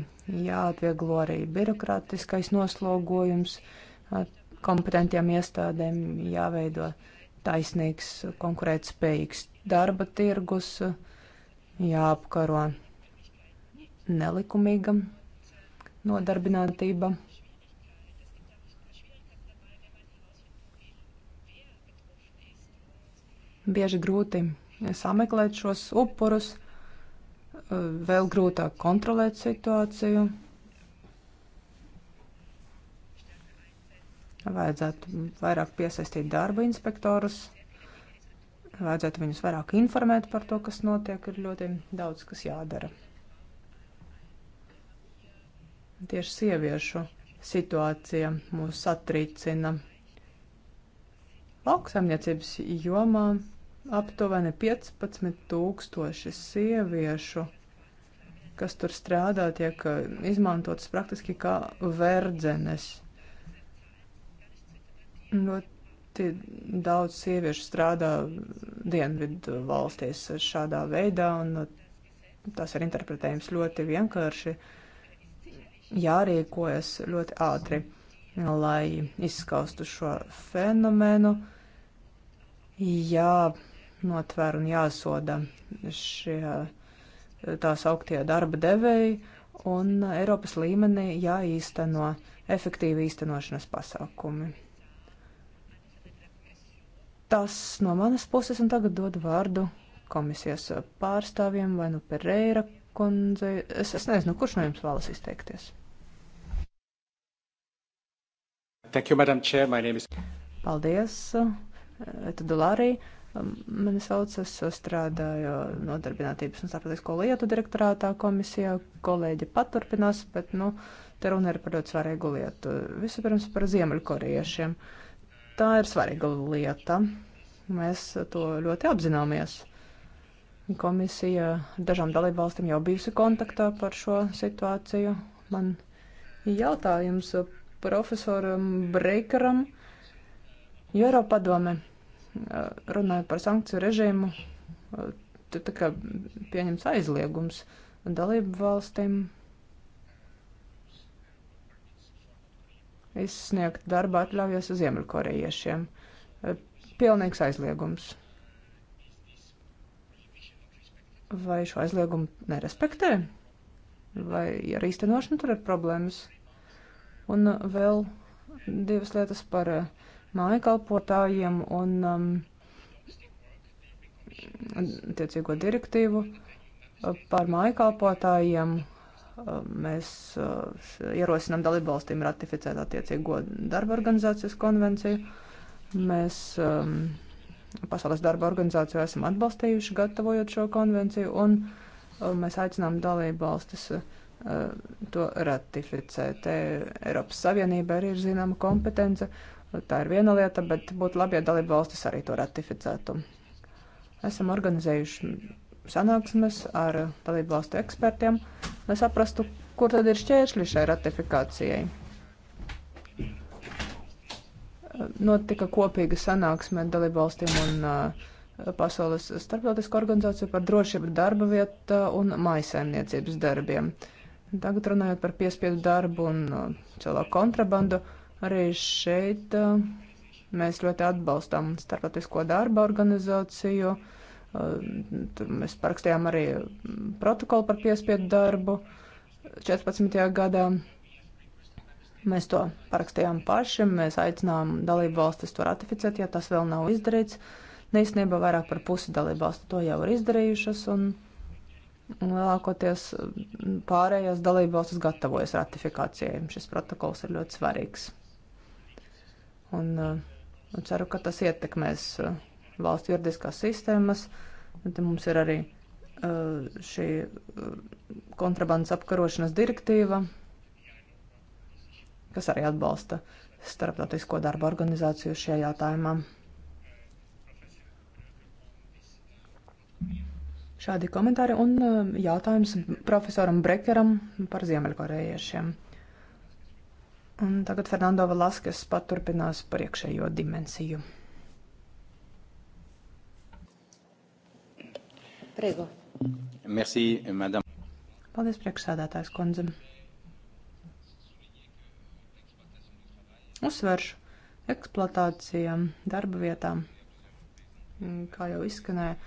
jāatvieglo arī birokrātiskais noslogojums, kompetentiem iestādēm jāveido taisnīgs, konkurētspējīgs darba tirgus, jāapkaro nelikumīga nodarbinātība. Bieži grūti sameklēt šos upurus, eh, vēl grūtāk kontrolēt situāciju. Vajadzētu vairāk piesaistīt darba inspektorus, vajadzētu viņus vairāk informēt par to, kas notiek, ir ļoti daudz, kas jādara. Tieši sieviešu situācija mūs satricina. Lauksaimniecības jomā aptuveni 15,000 sieviešu, kas tur strādā, tiek eh, izmantotas praktiski kā verdzenes. Ļoti daudz sieviešu strādā dienvidu valstīs šādā veidā, un eh, tas ir interpretējums ļoti vienkārši. Jārīkojas ļoti ātri, lai izskaustu šo fenomenu. Jā. Ja jānotver un jāsoda šie tās augtie darba devēji, un Eiropas līmenī jāīsteno efektīvi īstenošanas pasākumi. Tas no manas puses, un tagad dodu vārdu komisijas pārstāvjiem vai nu Pereira kundzei. Es, es nezinu, kurš no jums vēlas izteikties. Thank you, Madam Chair. My name is. Paldies. Tad Lārija. Um, mani sauc, es strādāju nodarbinātības un starptautisko lietu direktorātā komisijā. Kolēģi paturpinās, bet, nu, te runa ir par ļoti svarīgu lietu. Vispirms par ziemeļkoriešiem. Tā ir svarīga lieta. Mēs to ļoti apzināmies. Komisija ar dažām dalībvalstīm jau bijusi kontaktā par šo situāciju. Man jautājums profesoram Breikaram, Eiropadome runāja par sankciju režīmu, tad tā kā pieņems aizliegums dalību valstīm izsniegt darba atļaujas Ziemeļkorejiešiem. Pilnīgs aizliegums. Vai šo aizliegumu nerespektē? Vai ar īstenošanu tur ir problēmas? Un vēl divas lietas par uh, mājkalpotājiem un um, tiecīgo direktīvu uh, par mājkalpotājiem. Uh, mēs uh, ierosinām dalībvalstīm ratificēt attiecīgo darba organizācijas konvenciju. Mēs um, Pasaules darba organizāciju esam atbalstījuši, gatavojot šo konvenciju, un uh, mēs aicinām dalībvalstis uh, to ratificēt. E, Eiropas Savienība arī ir zināma kompetence uh, Tā ir viena lieta, bet būtu labi, ja dalību valstis arī to ratificētu. Esam organizējuši sanāksmes ar dalību valstu ekspertiem, lai saprastu, kur tad ir šķēršļi šai ratifikācijai. Notika kopīga sanāksme dalību valstīm un uh, Pasaules starptautisko organizāciju par drošību darba vietā un maisaimniecības darbiem. Tagad runājot par piespiedu darbu un uh, cilvēku kontrabandu. Uh, Arī šeit uh, mēs ļoti atbalstām Starptautisko darba organizāciju. Uh, tur mēs parakstījām arī protokolu par piespiedu darbu 14. gadā. Mēs to parakstījām paši, mēs aicinām dalību valstis to ratificēt, ja tas vēl nav izdarīts. Neizsniebā vairāk par pusi dalību valstu to jau ir izdarījušas, un, un lielākoties uh, pārējās dalību valstis gatavojas ratifikācijai. Šis protokols ir ļoti svarīgs. Un, uh, un ceru, ka tas ietekmēs uh, valsts juridiskās sistēmas. Te mums ir arī uh, šī kontrabandas apkarošanas direktīva, kas arī atbalsta starptautisko darba organizāciju šajā jautājumā. Šādi komentāri un jautājums profesoram Brekeram par ziemeļkorejiešiem. Un tagad Fernando Valaskes paturpinās par iekšējo dimensiju. Priego. Merci, madame. Paldies, priekšsēdētājs kundze. Uzsveršu eksploatācijām, darba vietām, kā jau izskanēja,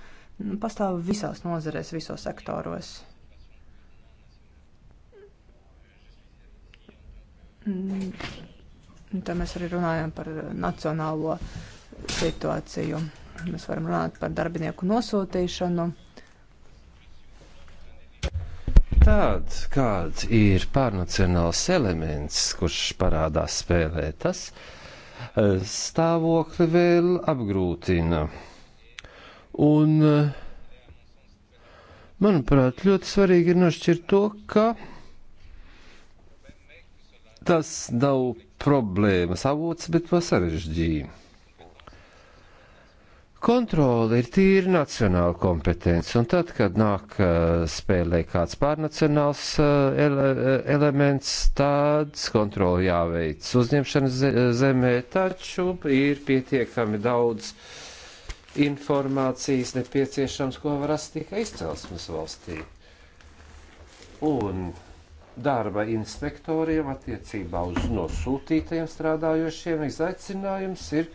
pastāv visās nozarēs, visos sektoros. Mm. Tā mēs arī runājam par nacionālo situāciju. Mēs varam runāt par darbinieku nosūtīšanu. Tāds, kāds ir pārnacionāls elements, kurš parādās spēlē, tas eh, stāvokli vēl apgrūtina. Un, eh, manuprāt, ļoti svarīgi ir nošķirt to, ka tas nav problēmas avots, bet to sarežģīja. Kontrole ir tīri nacionāla kompetence, un tad, kad nāk spēlē kāds pārnacionāls ele elements, tāds kontroli jāveic uzņemšanas zemē, taču ir pietiekami daudz informācijas nepieciešams, ko var rast tikai izcelsmes valstī. Un darba inspektoriem attiecībā uz nosūtītajiem strādājošiem izaicinājums ir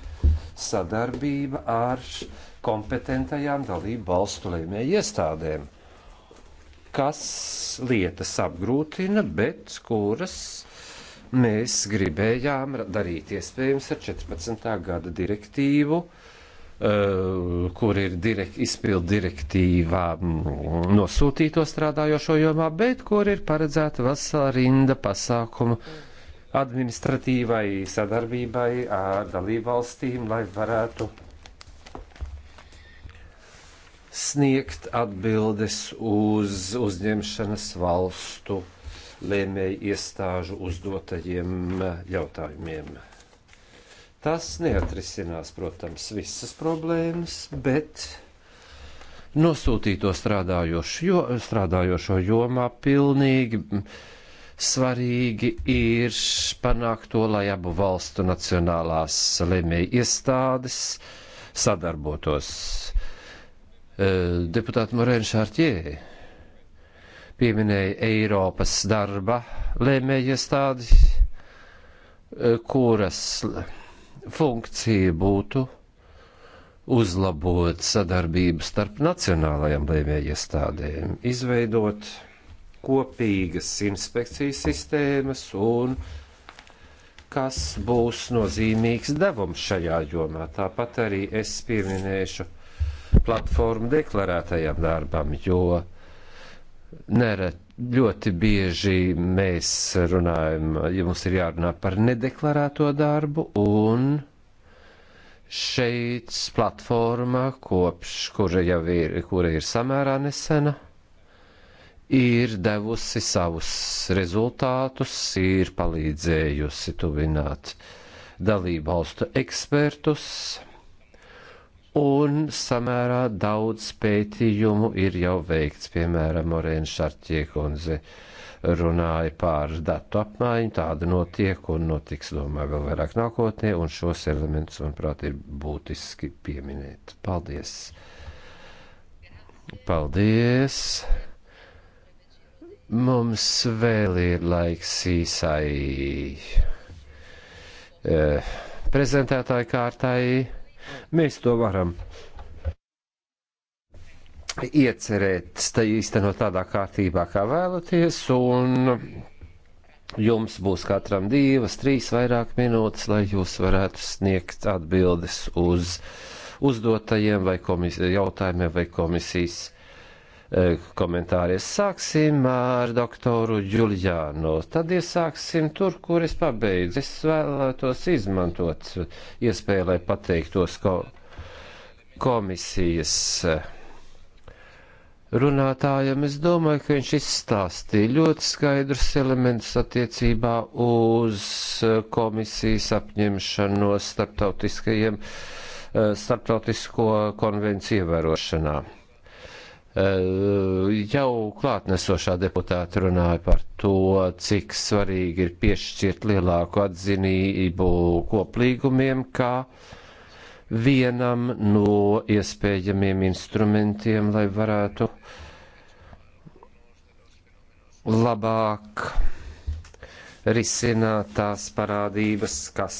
sadarbība ar kompetentajām dalību valstu lēmēju iestādēm, kas lietas apgrūtina, bet kuras mēs gribējām darīt iespējams ar 14. gada direktīvu Eh, kur ir direkt, izpildu direktīvā mm, nosūtīto strādājošo jomā, bet kur ir paredzēta vesela rinda pasākumu administratīvai sadarbībai ar dalībvalstīm, lai varētu sniegt atbildes uz uzņemšanas valstu lēmēju iestāžu uzdotajiem jautājumiem. Tas neatrisinās, protams, visas problēmas, bet nosūtīto strādājošo, jo, strādājošo jomā pilnīgi svarīgi ir panākt to, lai abu valstu nacionālās lemēja iestādes sadarbotos. E, Deputāti Morēna Šārķē pieminēja Eiropas darba lēmēja iestādi, e, kuras funkcija būtu uzlabot sadarbību starp nacionālajām lēmējiestādēm, izveidot kopīgas inspekcijas sistēmas un kas būs nozīmīgs devums šajā jomā. Tāpat arī es pieminēšu platformu deklarētajam darbam, jo neret Ļoti bieži mēs runājam, ja mums ir jārunā par nedeklarēto darbu, un šeit platforma, kopš kura jau ir, kura ir samērā nesena, ir devusi savus rezultātus, ir palīdzējusi tuvināt dalību valstu ekspertus un samērā daudz pētījumu ir jau veikts, piemēram, Morēna Šarķiekundze runāja par datu apmaiņu, tāda notiek un notiks, domāju, vēl vairāk nākotnē, un šos elementus, manuprāt, ir būtiski pieminēt. Paldies! Paldies! Mums vēl ir laiks īsai eh, prezentētāju kārtai. Mēs to varam iecerēt, īstenot tādā kārtībā, kā vēlaties, un jums būs katram divas, trīs vairāk minūtes, lai jūs varētu sniegt atbildes uz uzdotajiem vai jautājumiem vai komisijas Eh, komentāriem. Sāksim ar doktoru Giuliano. Tad iesāksim tur, kur es pabeidzu. Es vēlētos izmantot iespēju, lai pateiktos ko komisijas eh, runātājam, es domāju, ka viņš izstāstīja ļoti skaidrus elementus attiecībā uz eh, komisijas apņemšanos starptautiskajiem, starptautisko konvenciju ievērošanā. Eh, jau klātnesošā deputāta runāja par to, cik svarīgi ir piešķirt lielāku atzinību koplīgumiem, kā vienam no iespējamiem instrumentiem, lai varētu labāk risināt tās parādības, kas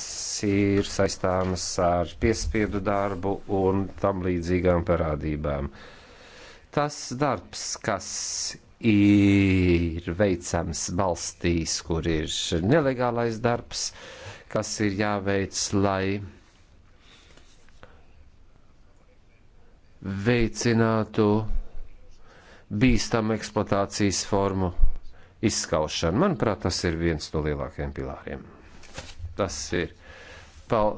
ir saistāmas ar piespiedu darbu un tam līdzīgām parādībām. Uh, tas darbs, kas ir veicams valstīs, kur ir nelegālais darbs, kas ir jāveic, lai veicinātu bīstamu eksploatācijas formu izskaušanu. Manuprāt, tas ir viens no lielākajiem pilāriem. Tas ir. Pal,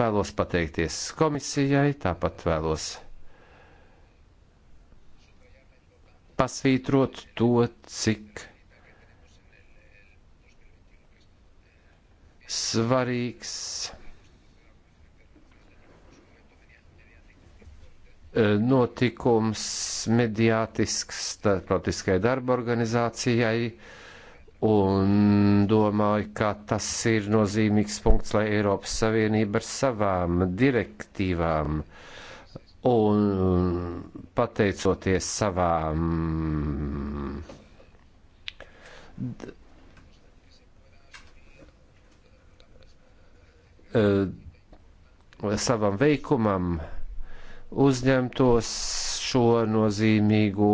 vēlos pateikties komisijai, tāpat vēlos pateikties pasvītrot to, cik svarīgs e, notikums mediātisks starptautiskai darba organizācijai, un domāju, ka tas ir nozīmīgs punkts, lai Eiropas Savienība ar savām direktīvām uh, Un pateicoties savām eh, savam veikumam uzņemtos šo nozīmīgo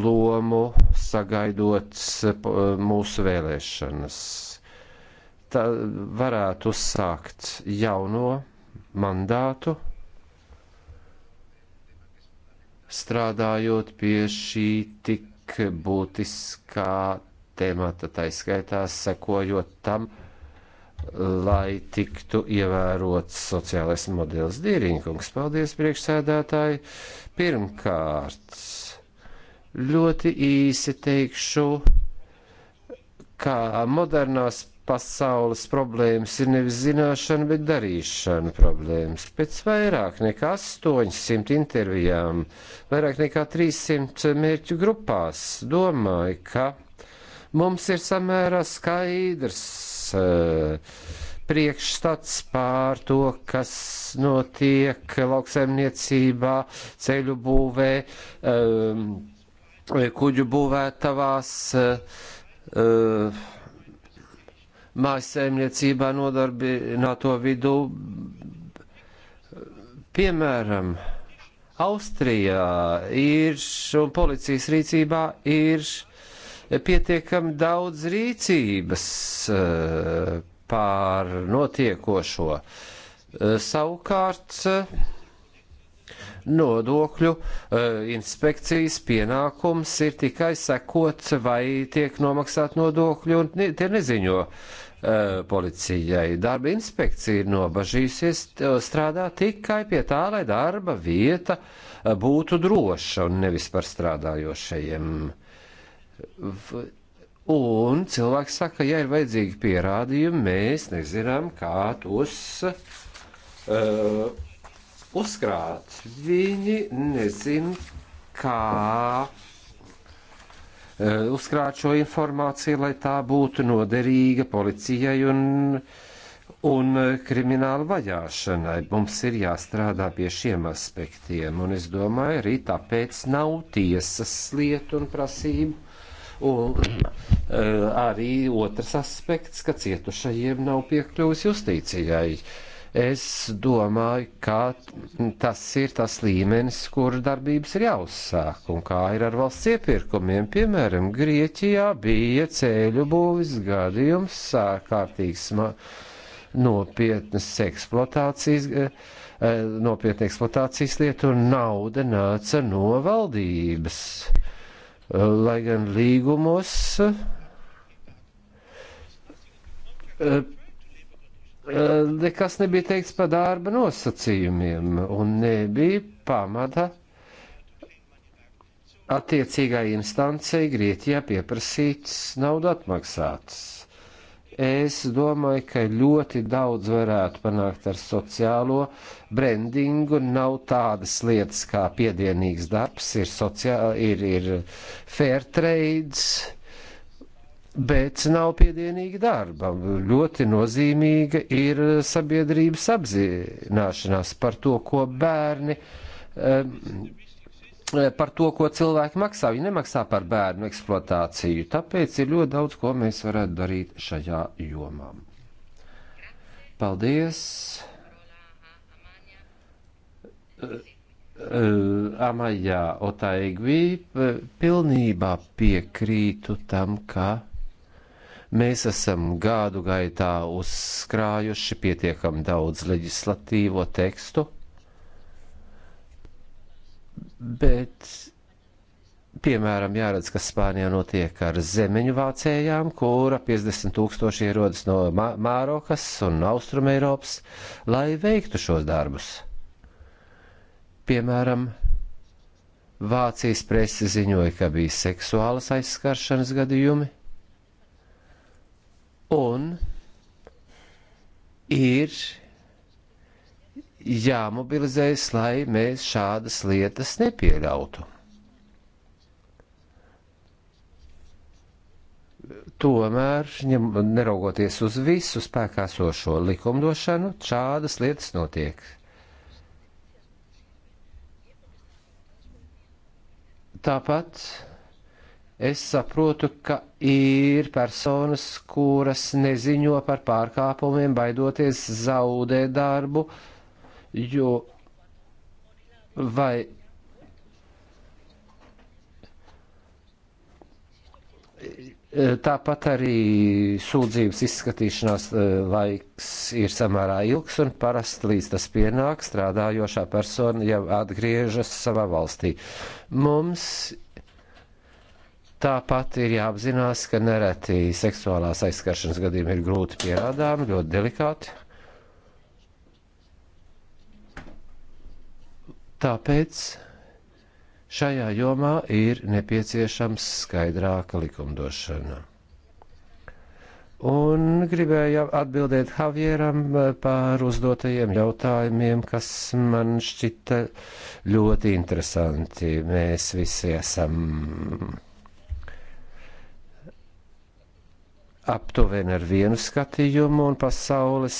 lomu, sagaidot eh, mūsu vēlēšanas. Tā varētu uzsākt jauno mandātu strādājot pie šī tik būtiskā temata, taiskaitā sekojot tam, lai tiktu ievērots sociālais modelis. Dīriņkungs, paldies priekšsēdētāji. Pirmkārt, ļoti īsi teikšu, kā modernās pasaules problēmas ir nevis zināšana, bet darīšana problēmas. Pēc vairāk nekā 800 intervijām, vairāk nekā 300 mērķu grupās, domāju, ka mums ir samērā skaidrs uh, priekšstats pār to, kas notiek lauksaimniecībā, ceļu būvē, um, kuģu būvētavās. Uh, uh, mājasēmniecībā nodarbināto vidū. Piemēram, Austrijā ir un policijas rīcībā ir pietiekami daudz rīcības pār notiekošo. Savukārt, Nodokļu eh, inspekcijas pienākums ir tikai sekot, vai tiek nomaksāt nodokļi, un ne, tie neziņo eh, policijai. Darba inspekcija ir nobažījusies strādāt tikai pie tā, lai darba vieta eh, būtu droša un nevis par strādājošajiem. Un cilvēks saka, ja ir vajadzīgi pierādījumi, mēs nezinām, kā tos uh, uzkrāt. Viņi nezin, kā e, uzkrāt šo informāciju, lai tā būtu noderīga policijai un, un e, krimināla vajāšanai. Mums ir jāstrādā pie šiem aspektiem, un es domāju, arī tāpēc nav tiesas lietu un prasību. Un uh, arī otrs aspekts, ka cietušajiem nav piekļuvis justīcijai. Uh, Es domāju, ka tas ir tas līmenis, kur darbības ir jāuzsāk, un kā ir ar valsts iepirkumiem. Piemēram, Grieķijā bija ceļu būvis gadījums, kārtīgs nopietnas eksploatācijas, eh, eh, nopietna eksploatācijas lieta, un nauda nāca no valdības. Lai gan līgumos eh, Eh, nekas nebija teikts par darba nosacījumiem un nebija pamata attiecīgai instancei Grieķijā pieprasīts naudu atmaksāts. Es domāju, ka ļoti daudz varētu panākt ar sociālo brandingu. Nav tādas lietas kā piedienīgs darbs, ir, sociā, ir, ir fair trades bet nav piedienīgi darbam. Ļoti nozīmīga ir sabiedrības apzināšanās par to, ko bērni. Par to, ko cilvēki maksā. Viņi nemaksā par bērnu eksploatāciju. Tāpēc ir ļoti daudz, ko mēs varētu darīt šajā jomā. Paldies! uh, eh, eh, Amajā Otaigvī eh, pilnībā piekrītu tam, ka Mēs esam gādu gaitā uzkrājuši pietiekam daudz leģislatīvo tekstu, bet piemēram, jāredz, kas Spānijā notiek ar zemeņu vācējām, kura 50 tūkstoši ierodas no Mā Mārokas un Austrum Eiropas, lai veiktu šos darbus. Piemēram, Vācijas presi ziņoja, ka bija seksuālas aizskaršanas gadījumi un ir jāmobilizējas, lai mēs šādas lietas nepieļautu. Tomēr, ņem, neraugoties uz visu spēkā sošo likumdošanu, šādas lietas notiek. Tāpat Es saprotu, ka ir personas, kuras neziņo par pārkāpumiem, baidoties zaudēt darbu, jo vai Tāpat arī sūdzības izskatīšanās eh, laiks ir samērā ilgs un parasti līdz tas pienāk strādājošā persona jau atgriežas savā valstī. Mums Tāpat ir jāapzinās, ka nereti seksuālās aizskaršanas gadījumi ir grūti pierādāmi, ļoti delikāti. Tāpēc šajā jomā ir nepieciešams skaidrāka likumdošana. Un gribēju atbildēt Javieram eh, par uzdotajiem jautājumiem, kas man šķita ļoti interesanti. Mēs visi esam aptuveni ar vienu skatījumu, un pasaules,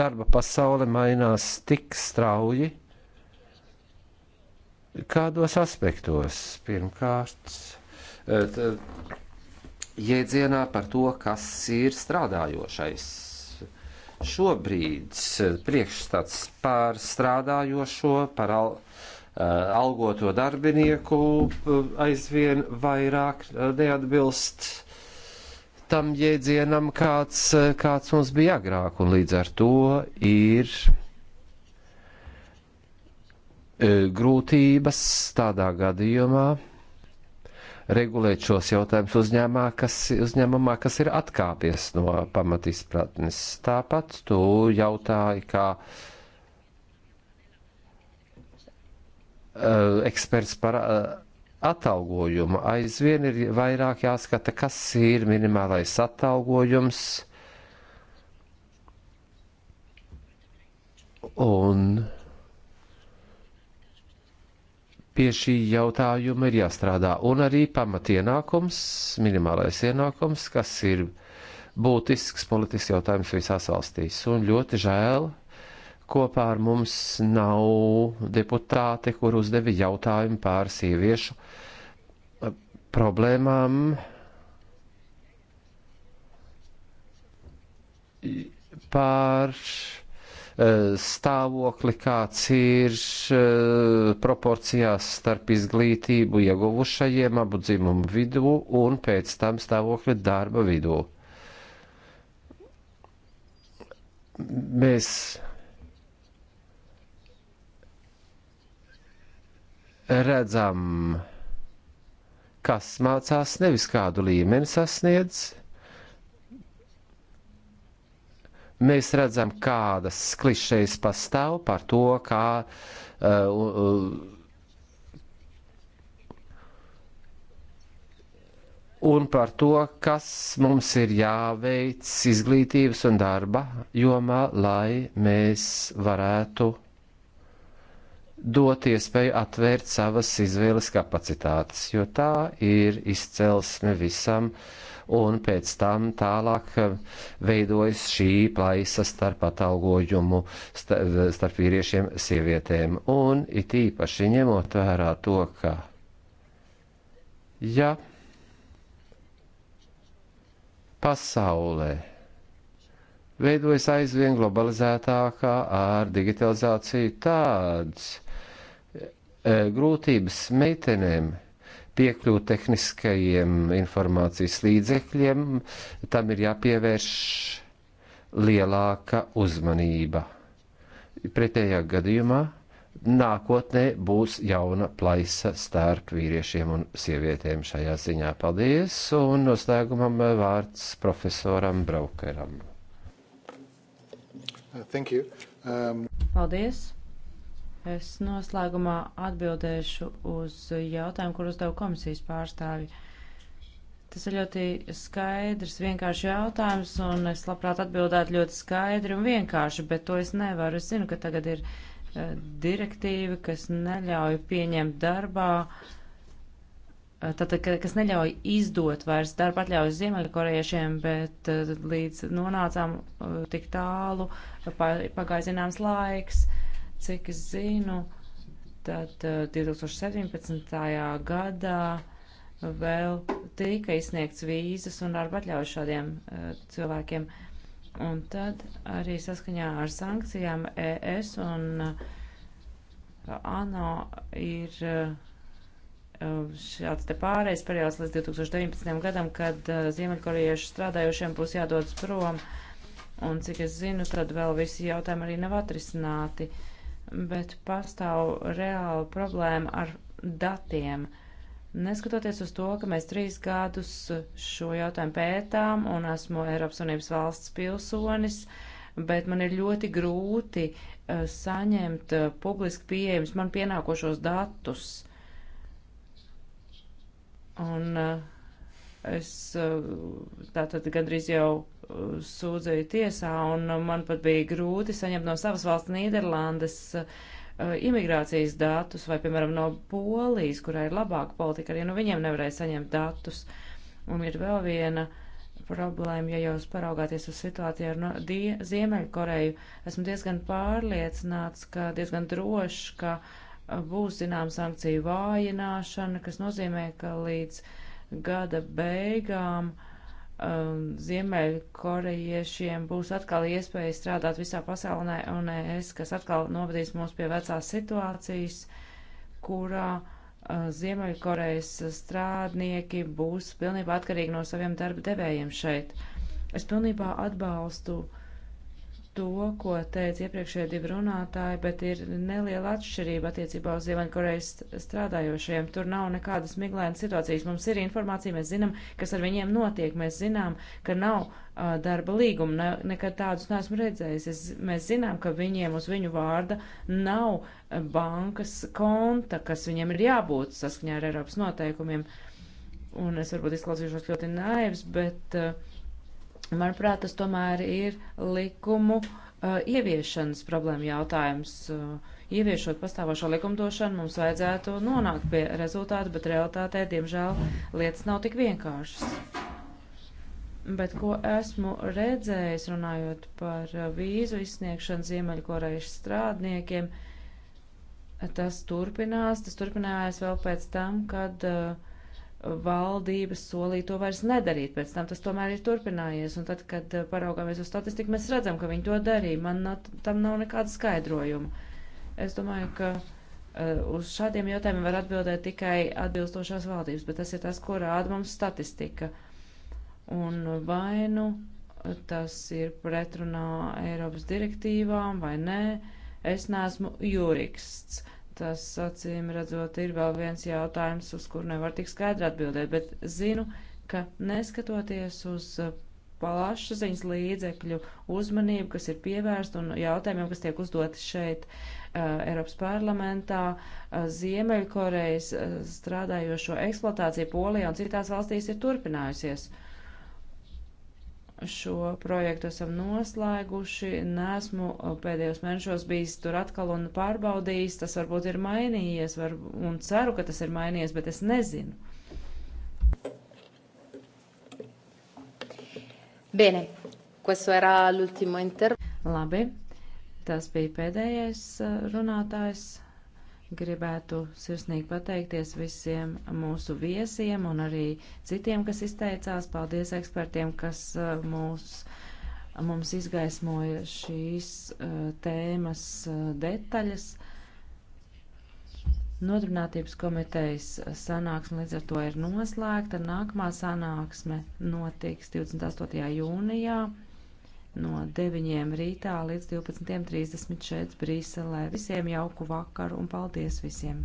darba pasaule mainās tik strauji, kādos aspektos pirmkārt eh, jēdzienā par to, kas ir strādājošais. Šobrīd eh, priekšstats par strādājošo, par al, eh, algoto darbinieku aizvien vairāk neatbilst tam jēdzienam, kāds, kāds mums bija agrāk, un līdz ar to ir e, grūtības tādā gadījumā regulēt šos jautājumus uzņēmumā, kas, uzņēmumā, kas ir atkāpies no pamatizpratnes. Tāpat tu jautāji, kā uh, eksperts par. Uh, atalgojuma aizvien ir vairāk jāskata, kas ir minimālais atalgojums. Un pie šī jautājuma ir jāstrādā. Un arī pamatienākums, minimālais ienākums, kas ir būtisks politisks jautājums visās valstīs. Un ļoti žēl, kopā ar mums nav deputāti, kur uzdevi jautājumu pār sieviešu eh, problēmām. Pār eh, stāvokli, kāds ir eh, proporcijās starp izglītību ieguvušajiem abu dzimumu vidū un pēc tam stāvokli darba vidū. Mēs redzam, kas mācās, nevis kādu līmeni sasniedz. Mēs redzam, kādas klišejas pastāv par to, kā uh, uh, un par to, kas mums ir jāveic izglītības un darba jomā, lai mēs varētu dot iespēju atvērt savas izvēles kapacitātes, jo tā ir izcelsme visam, un pēc tam tālāk eh, veidojas šī plaisa starp atalgojumu starp vīriešiem sievietēm, un it īpaši ņemot vērā to, ka, ja pasaulē veidojas aizvien globalizētākā ar digitalizāciju tāds, Eh, grūtības meitenēm piekļūt tehniskajiem informācijas līdzekļiem, tam ir jāpievērš lielāka uzmanība. Pretējā gadījumā nākotnē būs jauna plaisa starp vīriešiem un sievietēm šajā ziņā. Paldies! Un noslēgumam vārds profesoram Braukeram. Thank you. Um... Paldies! Es noslēgumā atbildēšu uz jautājumu, kur uzdev komisijas pārstāvi. Tas ir ļoti skaidrs, vienkārši jautājums, un es labprāt atbildētu ļoti skaidri un vienkārši, bet to es nevaru. Es zinu, ka tagad ir uh, direktīva, kas neļauj pieņemt darbā uh, tātad, kas neļauj izdot vairs darba atļaujas Ziemeļkorejiešiem, bet eh, līdz nonācām tik tālu, pagāja zināms laiks. Cik es zinu, tad 2017. Uh, gadā vēl tika izsniegts vīzas un darba atļauj šādiem uh, cilvēkiem. Un tad arī saskaņā ar sankcijām ES un uh, ANO ir uh, uh, šāds te pārējais periods līdz 2019. gadam, kad uh, Ziemeļkoriešu strādājošiem būs jādodas prom. Un cik es zinu, tad vēl visi jautājumi arī nav atrisināti. Uh, bet pastāv reāla problēma ar datiem. Neskatoties uz to, ka mēs trīs gadus šo jautājumu pētām un esmu Eiropas Unības valsts pilsonis, bet man ir ļoti grūti uh, saņemt uh, publiski pieejams man pienākošos datus. Un uh, Es eh, tātad gandrīz jau eh, sūdzēju tiesā, un eh, man pat bija grūti saņemt no savas valsts Nīderlandes imigrācijas datus, vai, piemēram, no Polijas, kurai ir labāka politika, arī no viņiem nevarēja saņemt datus. Un ir vēl viena problēma, ja jūs paraugāties uz situāciju ar no, die, Ziemeļkoreju. Esmu diezgan pārliecināts, ka diezgan droši, ka būs, zinām, sankciju vājināšana, kas nozīmē, ka līdz uh, gada beigām um, Ziemeļkorejiešiem būs atkal iespēja strādāt visā pasaulē, un es, kas atkal novadīs mūs pie vecās situācijas, kurā uh, Ziemeļkorejas strādnieki būs pilnībā atkarīgi no saviem darba devējiem šeit. Es pilnībā atbalstu uh, to, ko teica iepriekšējie divi runātāji, bet ir neliela atšķirība attiecībā uz Ziemeņkorejas strādājošiem. Tur nav nekādas miglēnas situācijas. Mums ir informācija, mēs zinām, kas ar viņiem notiek. Mēs zinām, ka nav uh, darba līguma, ne, nekad tādus neesmu redzējis. Es, mēs zinām, ka viņiem uz viņu vārda nav bankas konta, kas viņiem ir jābūt saskaņā ar Eiropas noteikumiem. Un es varbūt izklausīšos ļoti naivs, bet. Uh, Manuprāt, tas tomēr ir likumu uh, ieviešanas problēma jautājums. Uh, ieviešot pastāvošo likumdošanu, mums vajadzētu nonākt pie rezultātu, bet realitātē, diemžēl, lietas nav tik vienkāršas. Bet ko esmu redzējis, runājot par uh, vīzu izsniegšanu Ziemeļkorejas strādniekiem, tas turpinās, tas turpinājās vēl pēc tam, kad uh, valdības solīja to vairs nedarīt. Pēc tam tas tomēr ir turpinājies, un tad, kad eh, paraugāmies uz statistiku, mēs redzam, ka viņi to darīja. Man nav, tam nav nekāda skaidrojuma. Es domāju, ka uh, uz šādiem jautājumiem var atbildēt tikai atbilstošās valdības, bet tas ir tas, ko rāda mums statistika. Un vai nu tas ir pretrunā Eiropas direktīvām vai nē, es neesmu jurists tas acīm redzot ir vēl viens jautājums, uz kuru nevar tik skaidri atbildēt, bet zinu, ka neskatoties uz uh, plašsaziņas līdzekļu uzmanību, kas ir pievērsta un jautājumiem, kas tiek uzdoti šeit uh, Eiropas parlamentā, uh, Ziemeļkorejas uh, strādājošo eksploatācija Polijā un citās valstīs ir turpinājusies šo projektu esam noslēguši. Nesmu pēdējos mēnešos bijis tur atkal un pārbaudījis. Tas varbūt ir mainījies var, un ceru, ka tas ir mainījies, bet es nezinu. Bene, questo era l'ultimo inter. Labi, tas bija pēdējais runātājs. Gribētu sirsnīgi pateikties visiem mūsu viesiem un arī citiem, kas izteicās. Paldies ekspertiem, kas uh, mūs, mums izgaismoja šīs uh, tēmas uh, detaļas. Nodarbinātības komitejas sanāksme līdz ar to ir noslēgta. Nākamā sanāksme notiks 28. jūnijā no 9 rītā līdz 12.30 šeit Brīselē. Visiem jauku vakaru un paldies visiem!